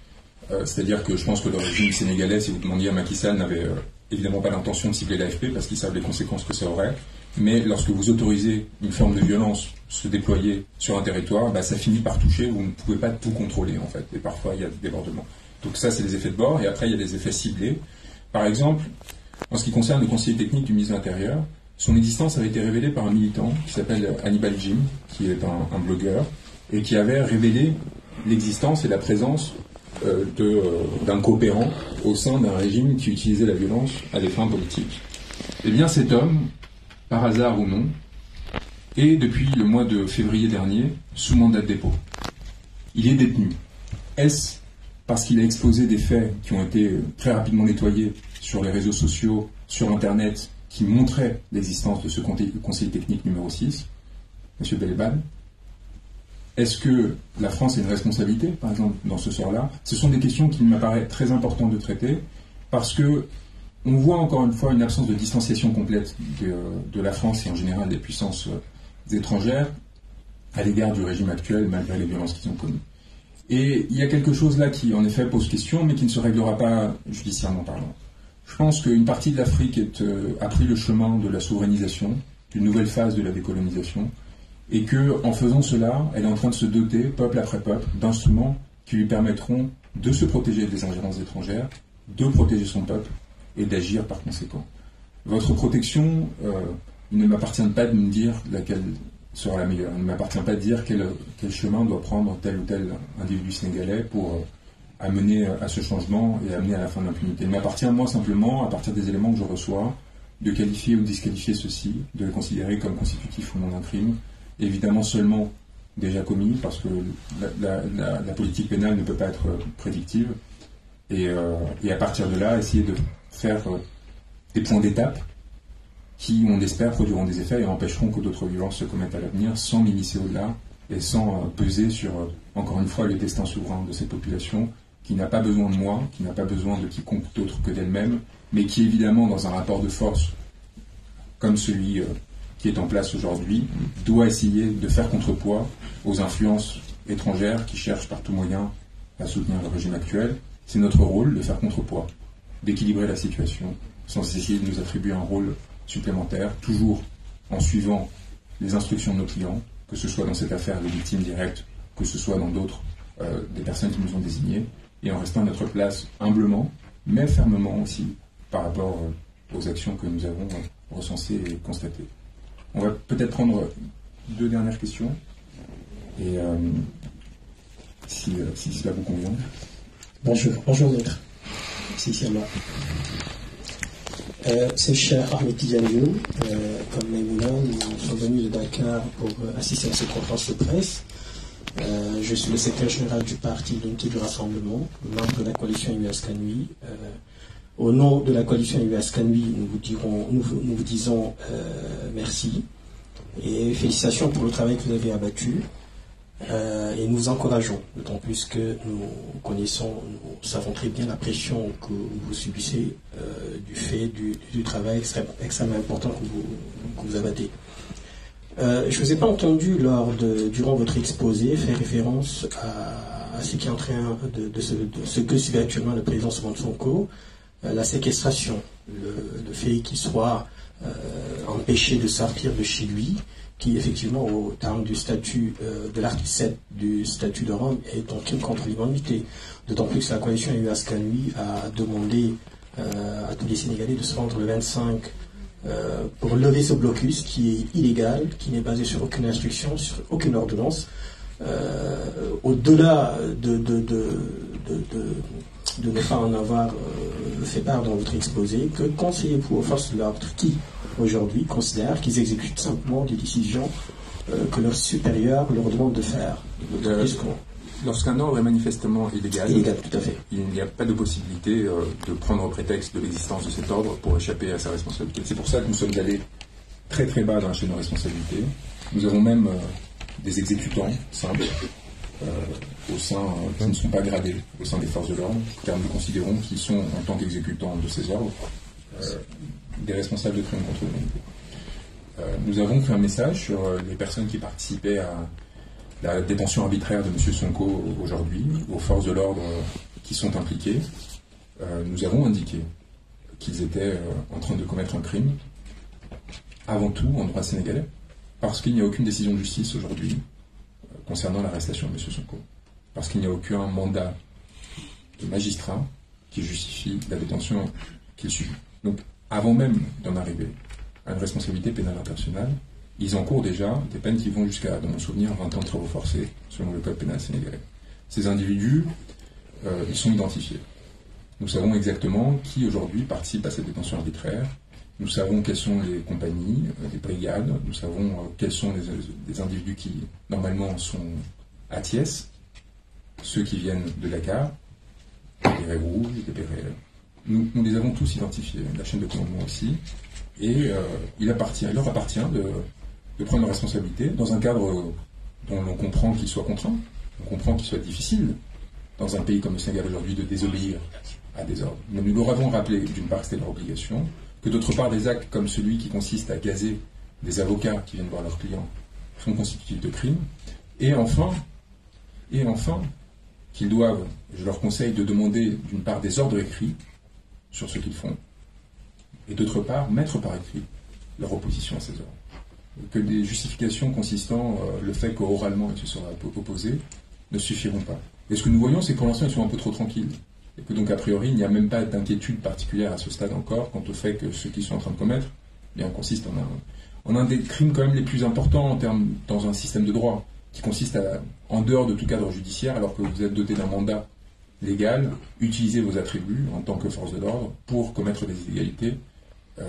C'est-à-dire que je pense que le régime sénégalais, si vous demandiez à Macky Sall, n'avait évidemment pas l'intention de cibler l'AFP parce qu'il savent les conséquences que ça aurait. Mais lorsque vous autorisez une forme de violence se déployer sur un territoire, bah, ça finit par toucher, vous ne pouvez pas tout contrôler en fait, et parfois il y a des débordements. Donc ça, c'est les effets de bord, et après, il y a des effets ciblés. Par exemple, en ce qui concerne le conseiller technique du ministre de l'Intérieur, son existence avait été révélée par un militant qui s'appelle Hannibal Jim, qui est un, blogueur, et qui avait révélé l'existence et la présence euh, euh, d'un coopérant au sein d'un régime qui utilisait la violence à des fins politiques. Eh bien, cet homme, par hasard ou non, et depuis le mois de février dernier, sous mandat de dépôt. Il est détenu. Est-ce parce qu'il a exposé des faits qui ont été euh, très rapidement nettoyés sur les réseaux sociaux, sur Internet, qui montraient l'existence de ce conseil technique numéro 6, M. Belleban Est-ce que la France a une responsabilité, par exemple, dans ce sort-là Ce sont des questions qu'il paraît très important de traiter, parce que on voit encore une fois une absence de distanciation complète de, la France et en général des puissances euh, étrangères à l'égard du régime actuel, malgré les violences qu'ils ont connues. Et il y a quelque chose là qui, en effet, pose question, mais qui ne se réglera pas judiciairement parlant. Je pense qu'une partie de l'Afrique euh, a pris le chemin de la souverainisation, d'une nouvelle phase de la décolonisation, et que, en faisant cela, elle est en train de se doter, peuple après peuple, d'instruments qui lui permettront de se protéger des ingérences étrangères, de protéger son peuple, et d'agir par conséquent. Votre protection, euh, ne m'appartient pas de me dire laquelle sera la meilleure. Il ne m'appartient pas de dire quel, chemin doit prendre tel ou tel individu sénégalais pour euh, amener euh, à ce changement et amener à la fin de l'impunité. Il m'appartient, moi, simplement, à partir des éléments que je reçois, de qualifier ou disqualifier ceci, de le considérer comme constitutif ou non d'un crime, évidemment seulement déjà commis, parce que la, politique pénale ne peut pas être prédictive, et à partir de là, essayer de faire euh, des points d'étape qui, on espère, produiront des effets et empêcheront que d'autres violences se commettent à l'avenir sans m'immiscer au-delà et sans euh, peser sur, euh, encore une fois, le destin souverain de cette population qui n'a pas besoin de moi, qui n'a pas besoin de quiconque d'autre que d'elle-même, mais qui, évidemment, dans un rapport de force comme celui qui est en place aujourd'hui, doit essayer de faire contrepoids aux influences étrangères qui cherchent par tout moyen à soutenir le régime actuel. C'est notre rôle de faire contrepoids d'équilibrer la situation sans essayer de nous attribuer un rôle supplémentaire, toujours en suivant les instructions de nos clients, que ce soit dans cette affaire des victimes directes, que ce soit dans d'autres euh, des personnes qui nous ont désignées, et en restant à notre place humblement, mais fermement aussi par rapport euh, aux actions que nous avons euh, recensées et constatées. On va peut-être prendre deux dernières questions, et si, cela vous convient. Bonjour, bonjour sincèrement. Euh, c'est cher Ahmed euh, comme Maïmouna, nous sommes venus de Dakar pour euh, assister à cette conférence de presse. Euh, je suis le secrétaire général du parti d'unité du rassemblement, membre de la coalition US Canui. Euh, au nom de la coalition US Canui, nous nous vous disons merci et félicitations pour le travail que vous avez abattu. Euh, et nous encourageons, d'autant plus que nous connaissons, nous savons très bien la pression que vous subissez euh, du fait du, travail extrêmement, important que vous, abattez. Euh, je ne vous ai pas entendu lors de, durant votre exposé faire référence à, ce qui est de, ce, que subit actuellement le président Simon Sonko, la séquestration, le fait qu'il soit empêché de sortir de chez lui, qui effectivement au terme du statut euh, de l'article 7 du statut de Rome est un crime contre l'humanité. D'autant plus que la coalition à a demandé euh, à tous les Sénégalais de se rendre le 25 euh, pour lever ce blocus qui est illégal, qui n'est basé sur aucune instruction, sur aucune ordonnance. Au-delà de, ne pas en avoir fait part dans votre exposé, que conseiller vous aux forces de l'ordre qui aujourd'hui considèrent qu'ils exécutent simplement des décisions euh, que leur supérieur leur demande de faire. Euh, lorsqu'un ordre est manifestement illégal, tout à fait. il n'y a pas de possibilité euh, de prendre prétexte de l'existence de cet ordre pour échapper à sa responsabilité. C'est pour ça que nous sommes allés très très bas dans la chaîne de responsabilité. Nous avons même des exécutants simples au sein, qui ne sont pas gradés au sein des forces de l'ordre, car nous considérons qu'ils sont en tant qu'exécutants de ces ordres euh, des responsables de crimes contre l'humanité. Euh, nous avons fait un message sur euh, les personnes qui participaient à la détention arbitraire de M. Sonko aujourd'hui, aux forces de l'ordre qui sont impliquées. nous avons indiqué qu'ils étaient en train de commettre un crime, avant tout en droit sénégalais, parce qu'il n'y a aucune décision de justice aujourd'hui concernant l'arrestation de M. Sonko, parce qu'il n'y a aucun mandat de magistrat qui justifie la détention qu'il subit. Donc, avant même d'en arriver à une responsabilité pénale internationale, ils encourent déjà des peines qui vont jusqu'à, dans mon souvenir, 20 ans de travaux forcés, selon le code pénal sénégalais. Ces individus, euh, ils sont identifiés. Nous savons exactement qui aujourd'hui participe à cette détention arbitraire. Nous savons quelles sont les compagnies, les euh, brigades. Nous savons euh, quels sont les, individus qui, normalement, sont à Thiès, ceux qui viennent de Dakar, des Rouges, des pérés nous, les avons tous identifiés, la chaîne de commandement aussi, et euh, il appartient, leur appartient de, prendre leurs responsabilités dans un cadre dont l'on comprend qu'il soit contraint, on comprend qu'il soit difficile, dans un pays comme le Sénégal aujourd'hui, de désobéir à des ordres. Mais nous leur avons rappelé, d'une part, que c'était leur obligation, que d'autre part, des actes comme celui qui consiste à gazer des avocats qui viennent voir leurs clients sont constitutifs de crimes, et enfin, et enfin, qu'ils doivent, je leur conseille de demander d'une part des ordres écrits, sur ce qu'ils font, et d'autre part mettre par écrit leur opposition à ces ordres. Que des justifications consistant euh, le fait qu'oralement ils se seraient opposés ne suffiront pas. Et ce que nous voyons, c'est que pour l'instant, ils sont un peu trop tranquilles. Et que donc, a priori, il n'y a même pas d'inquiétude particulière à ce stade encore quant au fait que ce qu'ils sont en train de commettre, bien, consiste en un, un des crimes quand même les plus importants en termes, dans un système de droit, qui consiste à, en dehors de tout cadre judiciaire, alors que vous êtes doté d'un mandat Légal, utilisez vos attributs en tant que force de l'ordre pour commettre des illégalités euh,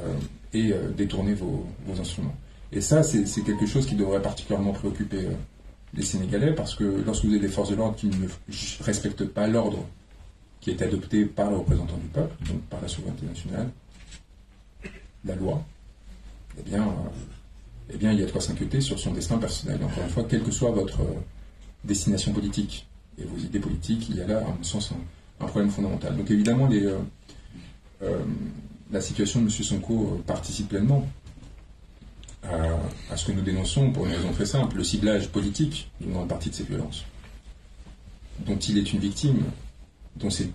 et euh, détourner vos, instruments. Et ça, c'est quelque chose qui devrait particulièrement préoccuper euh, les Sénégalais, parce que lorsque vous avez des forces de l'ordre qui ne respectent pas l'ordre qui est adopté par le représentant du peuple, donc par la souveraineté nationale, la loi, eh bien, eh bien il y a de quoi s'inquiéter sur son destin personnel. Encore une fois, quelle que soit votre destination politique et vos idées politiques, il y a là, sens, un, problème fondamental. Donc évidemment, euh, euh, la situation de M. Sonko euh, participe pleinement à, ce que nous dénonçons pour une raison très simple, le ciblage politique dans grande partie de ces violences, dont il est une victime, dont ses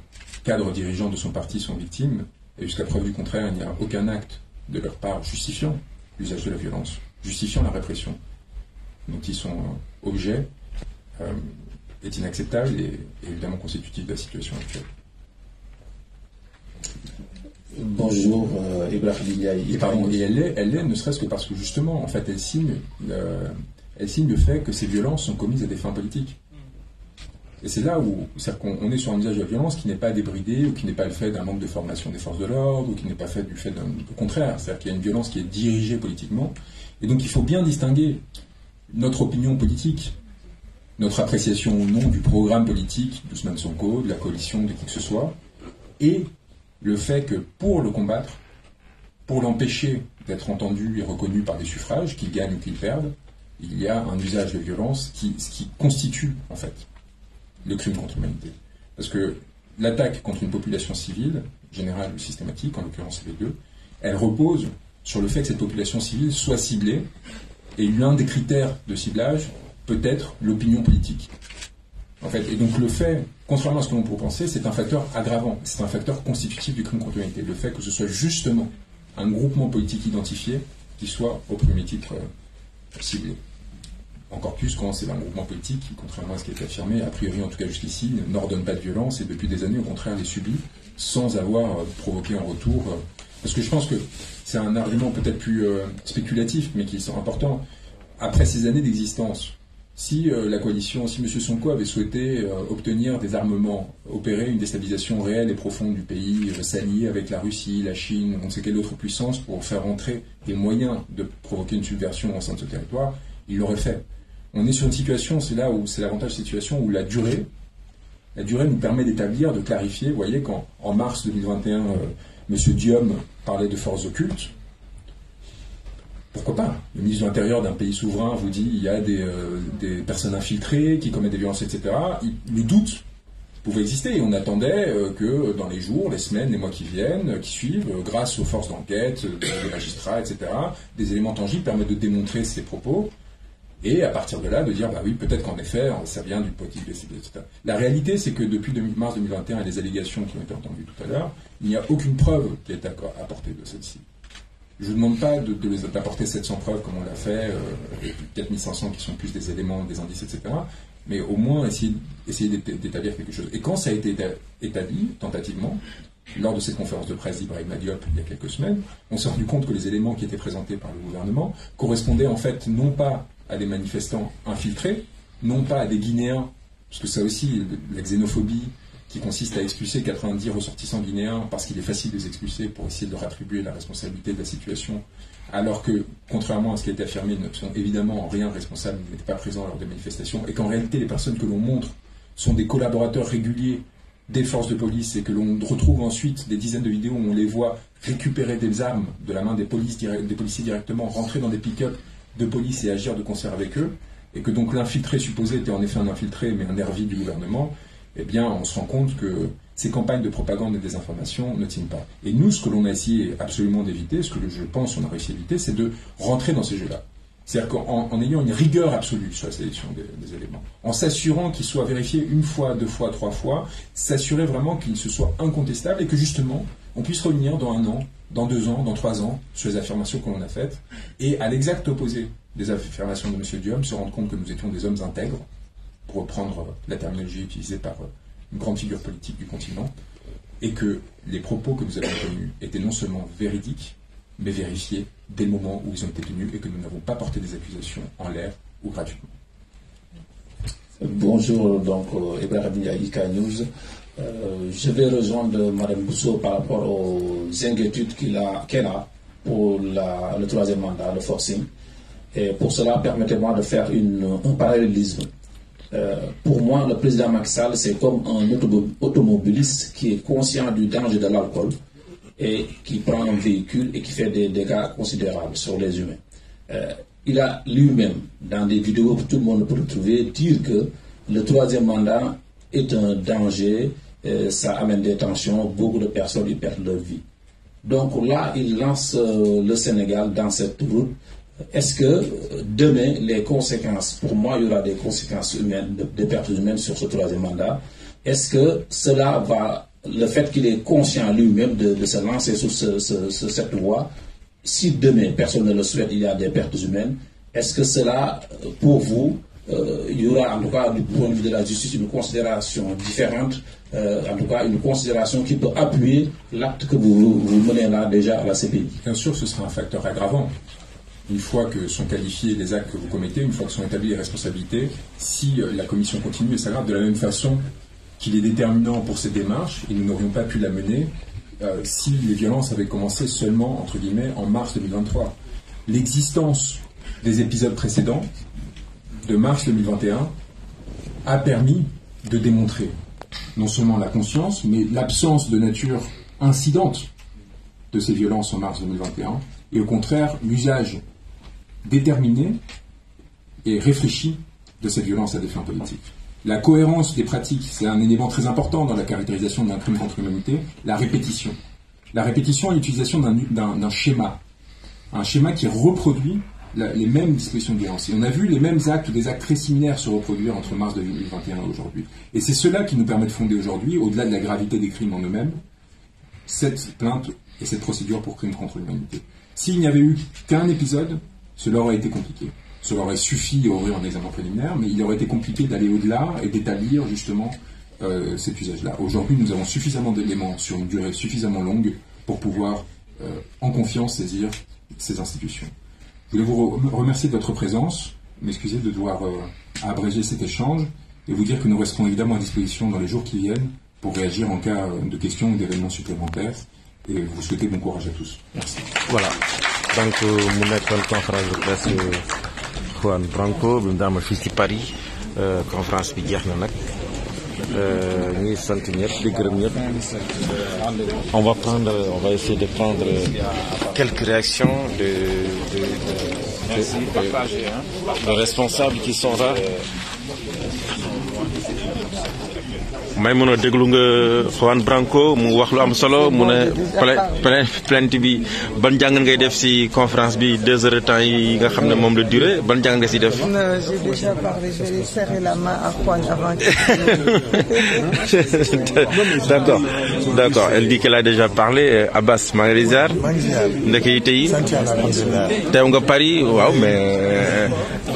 cadres dirigeants de son parti sont victimes, et jusqu'à preuve du contraire, il n'y a aucun acte de leur part justifiant l'usage de la violence, justifiant la répression, dont ils sont objets est inacceptable et, évidemment constitutif de la situation actuelle. Bonjour, euh, Et, pardon, et elle est elle est, ne serait-ce que parce que justement, en fait, elle signe, euh, elle signe le fait que ces violences sont commises à des fins politiques. Et c'est là où est on est sur un usage de violence qui n'est pas débridé ou qui n'est pas le fait d'un manque de formation des forces de l'ordre ou qui n'est pas fait du fait d'un. Au contraire, c'est-à-dire qu'il y a une violence qui est dirigée politiquement. Et donc il faut bien distinguer notre opinion politique notre appréciation ou non du programme politique d'Ousmane Sonko, de la coalition, de qui que ce soit, et le fait que pour le combattre, pour l'empêcher d'être entendu et reconnu par des suffrages, qu'il gagne ou qu'il perde, il y a un usage de violence qui, qui constitue, en fait, le crime contre l'humanité. Parce que l'attaque contre une population civile, générale ou systématique, en l'occurrence les deux, elle repose sur le fait que cette population civile soit ciblée. Et l'un des critères de ciblage, peut-être l'opinion politique. En fait, et donc le fait, contrairement à ce que l'on pourrait penser, c'est un facteur aggravant, c'est un facteur constitutif du crime contre l'humanité. Le fait que ce soit justement un groupement politique identifié qui soit au premier titre euh, ciblé. Encore plus quand c'est un groupement politique qui, contrairement à ce qui a été affirmé, a priori en tout cas jusqu'ici, n'ordonne pas de violence et depuis des années au contraire les subit sans avoir euh, provoqué en retour. Euh. parce que je pense que c'est un argument peut-être plus spéculatif mais qui est important. Après ces années d'existence, si euh, la coalition, si M. Sonko avait souhaité euh, obtenir des armements, opérer une déstabilisation réelle et profonde du pays, euh, s'allier avec la Russie, la Chine, on ne sait quelle autre puissance pour faire entrer des moyens de provoquer une subversion au sein de ce territoire, il l'aurait fait. On est sur une situation, c'est là où c'est l'avantage de situation où la durée, la durée nous permet d'établir, de clarifier. Vous voyez, quand en mars 2021, M. Diom parlait de forces occultes, pourquoi pas Le ministre de l'Intérieur d'un pays souverain vous dit il y a des, euh, personnes infiltrées qui commettent des violences, etc. le doute pouvait exister et on attendait euh, que dans les jours, les semaines, les mois qui viennent, qui suivent, euh, grâce aux forces d'enquête, des magistrats, etc., des éléments tangibles permettent de démontrer ces propos et à partir de là de dire bah oui peut-être qu'en effet hein, ça vient du politique etc. La réalité c'est que depuis mars 2021 et les allégations qui ont été entendues tout à l'heure, il n'y a aucune preuve qui est apportée de celle-ci. Je ne demande pas de, 700 preuves comme on l'a fait, euh, 4500 qui sont plus des éléments, des indices, etc. Mais au moins essayer, essayer d'établir quelque chose. Et quand ça a été établi, tentativement, lors de cette conférence de presse d'Ibrahim Diop il y a quelques semaines, on s'est rendu compte que les éléments qui étaient présentés par le gouvernement correspondaient en fait non pas à des manifestants infiltrés, non pas à des Guinéens, parce que ça aussi, la xénophobie, qui consiste à expulser 90 ressortissants guinéens parce qu'il est facile de les expulser pour essayer de leur attribuer la responsabilité de la situation, alors que, contrairement à ce qui a été affirmé, ils ne sont évidemment en rien responsables, ils n'étaient pas présents lors des manifestations, et qu'en réalité, les personnes que l'on montre sont des collaborateurs réguliers des forces de police et que l'on retrouve ensuite des dizaines de vidéos où on les voit récupérer des armes de la main des, polices, des policiers directement, rentrer dans des pick-up de police et agir de concert avec eux, et que donc l'infiltré supposé était en effet un infiltré, mais un nervi du gouvernement, eh bien, on se rend compte que ces campagnes de propagande et de désinformation ne tiennent pas. Et nous, ce que l'on a essayé absolument d'éviter, ce que je pense qu'on a réussi à éviter, c'est de rentrer dans ces jeux-là. C'est-à-dire qu'en en ayant une rigueur absolue sur la sélection des, éléments, en s'assurant qu'ils soient vérifiés une fois, deux fois, trois fois, s'assurer vraiment qu'ils se soient incontestables et que justement, on puisse revenir dans un an, dans deux ans, dans trois ans, sur les affirmations que l'on a faites, et à l'exact opposé des affirmations de M. Duham, se rendre compte que nous étions des hommes intègres, pour reprendre la terminologie utilisée par euh, une grande figure politique du continent, et que les propos que nous avons tenus étaient non seulement véridiques, mais vérifiés dès le moment où ils ont été tenus et que nous n'avons pas porté des accusations en l'air ou gratuitement. Bonjour, donc euh, Ibrahim News. Euh, je vais rejoindre Mme Bousso par rapport aux inquiétudes qu'elle a, a, pour le troisième mandat, le forcing. Et pour cela, permettez-moi de faire une, un parallélisme euh, pour moi, le président Maxal, c'est comme un automobiliste qui est conscient du danger de l'alcool et qui prend un véhicule et qui fait des dégâts considérables sur les humains. Euh, il a lui-même, dans des vidéos que tout le monde peut trouver, dire que le troisième mandat est un danger, euh, ça amène des tensions, beaucoup de personnes y perdent leur vie. Donc là, il lance le Sénégal dans cette route est-ce que euh, demain, les conséquences, pour moi, il y aura des conséquences humaines, des pertes humaines sur ce troisième mandat Est-ce que cela va, le fait qu'il est conscient lui-même de, se lancer sur cette voie, si demain, personne ne le souhaite, il y a des pertes humaines, est-ce que cela, euh, pour vous, euh, il y aura en tout cas du point de vue de la justice une considération différente, en tout cas une considération qui peut appuyer l'acte que vous menez là déjà à la CPI Bien sûr, ce sera un facteur aggravant une fois que sont qualifiés les actes que vous commettez, une fois que sont établies les responsabilités, si euh, la commission continue et s'aggrave de la même façon qu'il est déterminant pour cette démarche, et nous n'aurions pas pu la mener euh, si les violences avaient commencé seulement, entre guillemets, en mars 2023. L'existence des épisodes précédents, de mars 2021, a permis de démontrer non seulement la conscience, mais l'absence de nature incidente de ces violences en mars 2021, et au contraire l'usage déterminé et réfléchi de cette violence à des fins politiques. La cohérence des pratiques, c'est un élément très important dans la caractérisation d'un crime contre l'humanité, la répétition. La répétition à l'utilisation d'un schéma, un schéma qui reproduit les mêmes dispositions de violence. Et on a vu les mêmes actes, des actes très similaires se reproduire entre mars 2021 et aujourd'hui. Et c'est cela qui nous permet de fonder aujourd'hui, au-delà de la gravité des crimes en eux-mêmes, cette plainte et cette procédure pour crime contre l'humanité. S'il n'y avait eu qu'un épisode, cela aurait été compliqué. Cela aurait suffi à ouvrir un examen préliminaire, mais il aurait été compliqué d'aller au-delà et d'établir justement euh, cet usage-là. Aujourd'hui, nous avons suffisamment d'éléments sur une durée suffisamment longue pour pouvoir euh, en confiance saisir ces institutions. Je voulais vous remercier de votre présence, m'excuser de devoir euh, abréger cet échange et vous dire que nous resterons évidemment à disposition dans les jours qui viennent pour réagir en cas de questions ou d'événements supplémentaires. Et vous souhaitez bon courage à tous. Merci. Voilà donc mu nekkoon conférence de presse eh, Juan Branco bi mu daan Paris eh, conférence bi jeex na nag eh, on va prendre on va essayer de prendre quelques réactions de de de de, de, de, hein. de responsables qui sont là. Euh, may mën a déglu nga Juan Branco mu wax lu am solo mu ne plainte bi ban jàng ngay def ci conférence bi deux heures de temps yi nga xam ne moom la durée ban jàng nga ci def. j'ai déjà parlé, je vais la main à Juan avant. [LAUGHS] d'accord d'accord elle dit qu'elle a déjà parlé Abbas maa ngi lay ziar. maa ngi ziar nga Paris waaw mais.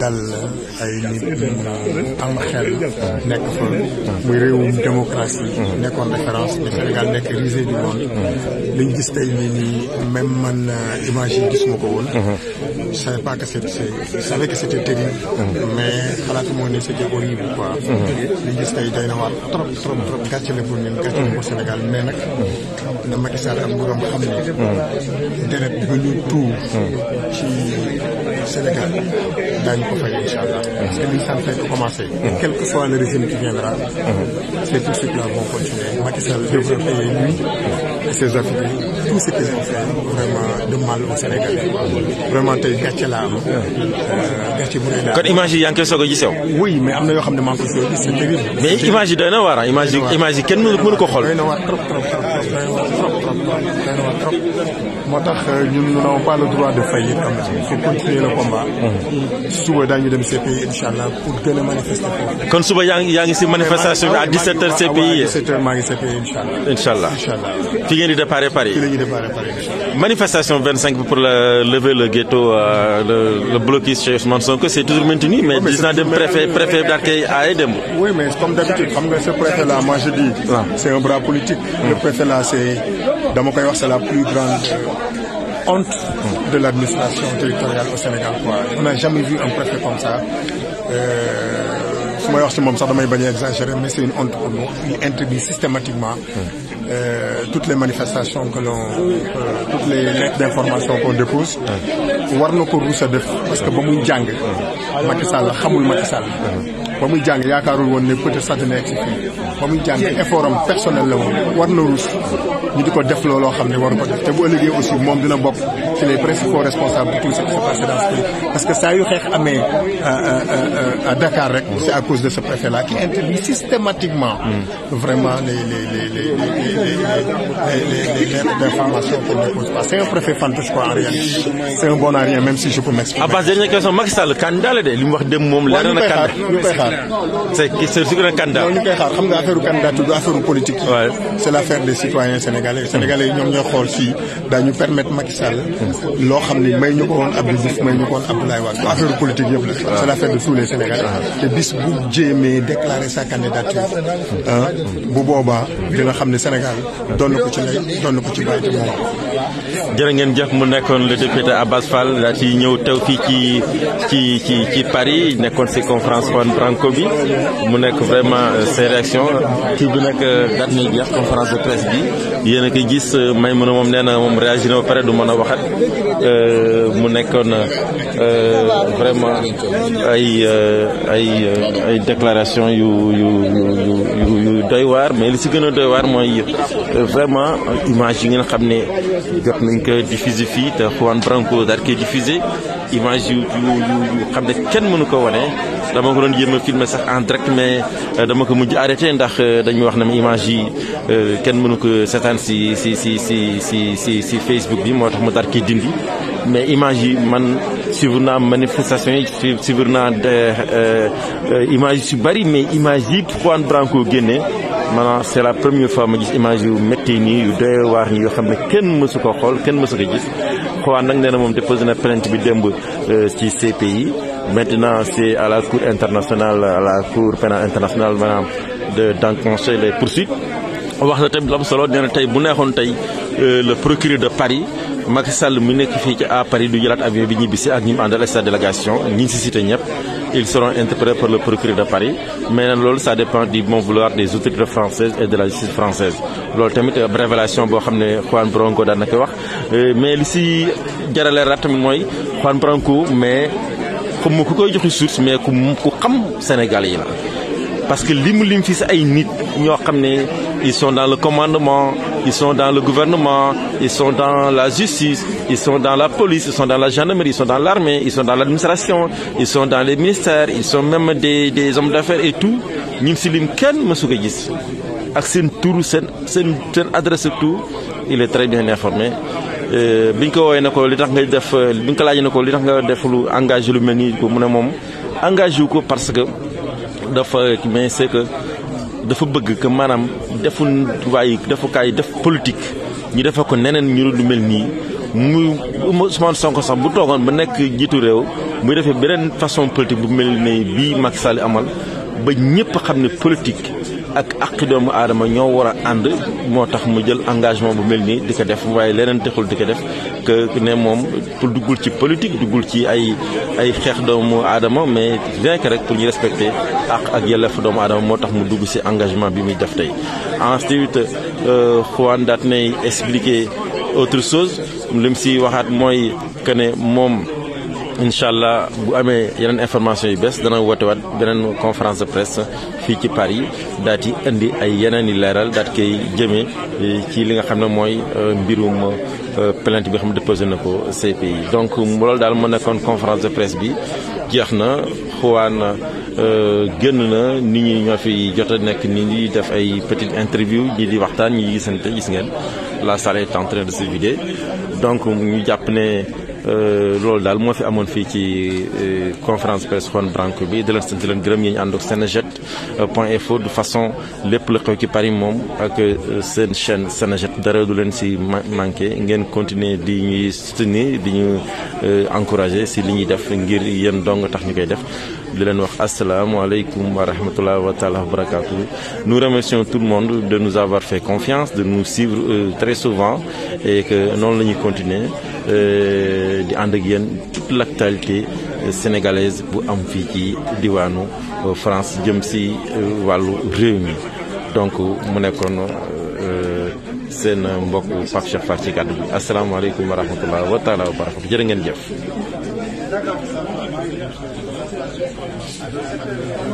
dal ay nit ñu am xel nekk fa muy réewum démocratie nekkoon référence le Sénégal nekk risée du monde liñ gis tey nii nii même man euh, image yi gisuma ko woon mhm. je savais pas que c'était je savais que c'était terrible mhm. mais xalaatu moo ne c'était horrible quoi mhm. liñ gis tey doy na waar trop trop trop gàcce la pour ñun gàcce la pour Sénégal mais nag na Macky Sall ak nguuram xam ne deret bi ñu tuur ci Sénégal daañu ko fay inshallah allah. parce que liñ sant fekk commencé. quel que soit le régime qui viendra. c'est ces poursuites-là vont continuer. Macky Sall devrait payer lui et ses affiliés tout ce qu'ils ont fait vraiment de mal au Sénégal vraiment tay gatché laa gatché euh, gàcce bu ne laa kon image yi yaa ngi koy oui mais amna yo yoo xam ko maa gis c'est terrible. mais image yi doy na waar ah image yi image yi mënu ko xool. doy na trop trop trop moo tax euh, ñun nous n'avons pas le droit de faillir quand même il faut mhm. suba daañu dem CPI incha pour gën a manifester foofu. kon suba yaa ngi yaa ngi si manifestation bi à 17h CPI. waaw waaw à 17h maa ngi CPI incha allah. incha allah fi ngeen di déparé Paris. fi la ñuy déparé manifestation 25 pour lever le ghetto, euh, le, le, blocus chez que c'est toujours maintenu, mais, oui, disant de préfet, préfet d'Arkei à Edem. Oui, mais comme d'habitude, comme ce préfet-là, moi je dis, ah. c'est un bras politique. Hmm. Le préfet-là, c'est, dans mon cas, c'est la plus grande euh, honte de l'administration territoriale au Sénégal. On n'a jamais vu un préfet comme ça. Euh, moi, je suis ça, mais c'est une honte pour nous. Il interdit systématiquement. Hmm. Euh, toutes les manifestations que l'on euh, toutes les lettres d'information qu'on dépose def parce que Macky Sall Macky Sall peut-être personnel la ko def te il est presque responsables de tout ce qui se passe dans ce pays. Parce que ça a eu amé à, Dakar, c'est à cause de ce préfet-là qui interdit systématiquement vraiment les, les, lettres d'information qu'on ne pas. C'est un préfet fantastique en rien. C'est un bon arien, même si je peux m'exprimer. À base dernière question, Macky le candidat, il m'a dit que la un candidat. C'est sûr un candidat. Non, xam nga candidat du l'affaire politique. C'est l'affaire des citoyens sénégalais. Les sénégalais ñom ñoy xol si nous permettre Maxal. loo xam ni may ñu ko woon Abdou Diouf may ñu ko woon Abdoulaye Wade du affaire politique yëpp la c'est l'affaire de tous les Sénégalais te bis bu jéemee déclarer sa candidature ah, bu boobaa dina xam ne Sénégal doon ko ci lay doon ko ci bàyyi te moom jërë ngeen jëf mu nekkoon la député Abass Fall daa ci ñëw teew fii ci ci ci ci Paris nekkoon si conférence Juan Branco bi mu nekk vraiment euh, ses réactions kii du nekk date na jeex conférence de presse bi yéen a koy gis euh, may mën a moom nee na moom réagir na ba pare du mën a waxat Euh, mu nekkoon euh, vraiment ay euh, ay ay déclaration yu yu yu yu doy waar mais li si gën a doy waar mooy vraiment image yi nga xam ne jot nañ ko diffuser fii te Juan Branco daal koy diffusé image yu yu xam ne kenn mënu ko wane dama ko doon jéem a filmer sax en direct mais dama ko mujj arrêté ndax dañuy wax ne image yi kenn mënu ko seetaan si si si si si si si Facebook bi moo tax mu daal dindi mais imagine euh, euh, si vous suivre na manifestation si vous image si mais imagine de branche Branco maintenant c'est la première fois que image de ni vous ni gis plainte bi euh, ci CPI maintenant c'est à la cour internationale à la cour pénale internationale de les poursuites le procureur de Paris Macky Sall mu nekk fii ci à Paris du jëlaat avion bi ñibbisi ak ñi mu àndal sa délégation ñi si cité ñëpp ils seront interpellés par le procureur de Paris mais nag loolu ça dépend du bon vouloir des autorités françaises et de la justice française loolu tamit euh, révélation boo xam ne Juan Branco daan na koy wax euh, mais li si jarale rat tamit mooy Juan Branco mais comme ku koy joxe source mais ku ku xam Sénégal yi la parce que li lim fi si ay nit ñoo xam ne ils sont dans le commandement ils sont dans le gouvernement, ils sont dans la justice, ils sont dans la police, ils sont dans la gendarmerie, ils sont dans l'armée, ils sont dans l'administration, ils sont dans les ministères, ils sont même des, hommes d'affaires et tout. Nous si ken kenn mësu gis adresse tout il est très bien informé euh, biñ parce que que dafa bëgg que maanaam defu waay defukaay def politique ñu defe ko neneen ñu lu mel nii mu Ousmane Sonko sax bu toogoon ba nekk jiitu réew muy defee beneen façon politique bu mel ne bii Macky Sall amal ba ñëpp xam ne politique ak aqi doomu aadama ñoo war a ànd moo tax mu jël engagement bu mel nii di ko def waaye leneen texul di ko def que ne moom pour duggul ci politique duggul ci ay ay xeex doomu aadama mais rien rek pour ñu respecter ak ak yelleef doomu aadama moo tax mu dugg si engagement bi muy def tey ensuite euh, Juan daat nay expliquer autre chose lim si waxaat mooy que ne moom inshallah bu amé yenen information yu bess dana woote waat beneen conférence de presse fi ci Paris daal indi ay yenen i leeral daal di koy eh, ci li nga xam ne mooy euh, mbirum euh, plainte bi nga xam ne déposé nako CPI. donc loolu daal mu nekkoon conférence de presse bi jeex na euh genn na nit ñi ñoo fi jot nek nit ñi def ay petite interview ñi di waxtaan ñi gisante gis ngeen la salle est en train de se vider donc ñu japp ne. Euh, loolu daal moo fi amoon fii ci euh, conférence presse Juan Branco bi di leen de di leen gërëm yéen ñu ànd ak Senejet euh, point info de façon lépp la xew ci Paris moom ak seen chaîne Senejet dara du leen si manqué ngeen continuer di ñuy soutenir di ñu encourager si li ñuy def ngir yéen dong tax ñu koy def de leen wax asalaamaaleykum wa rahmatulah wa taala wa Nous remercions tout le monde de nous avoir fait confiance, de nous suivre euh, très souvent et que non la ñuy continuer euh, di ànd ak yéen toute l'actualité euh, sénégalaise bu am fii ci diwaanu euh, France jëm si wàllu réew mi donc mu nekkoon. seen mbokk Pape Cheikh Fall ci kàddu bi asalaamaaleykum wa rahmatulah wa taala wa barakatu jërë ngeen jëf. Thank you.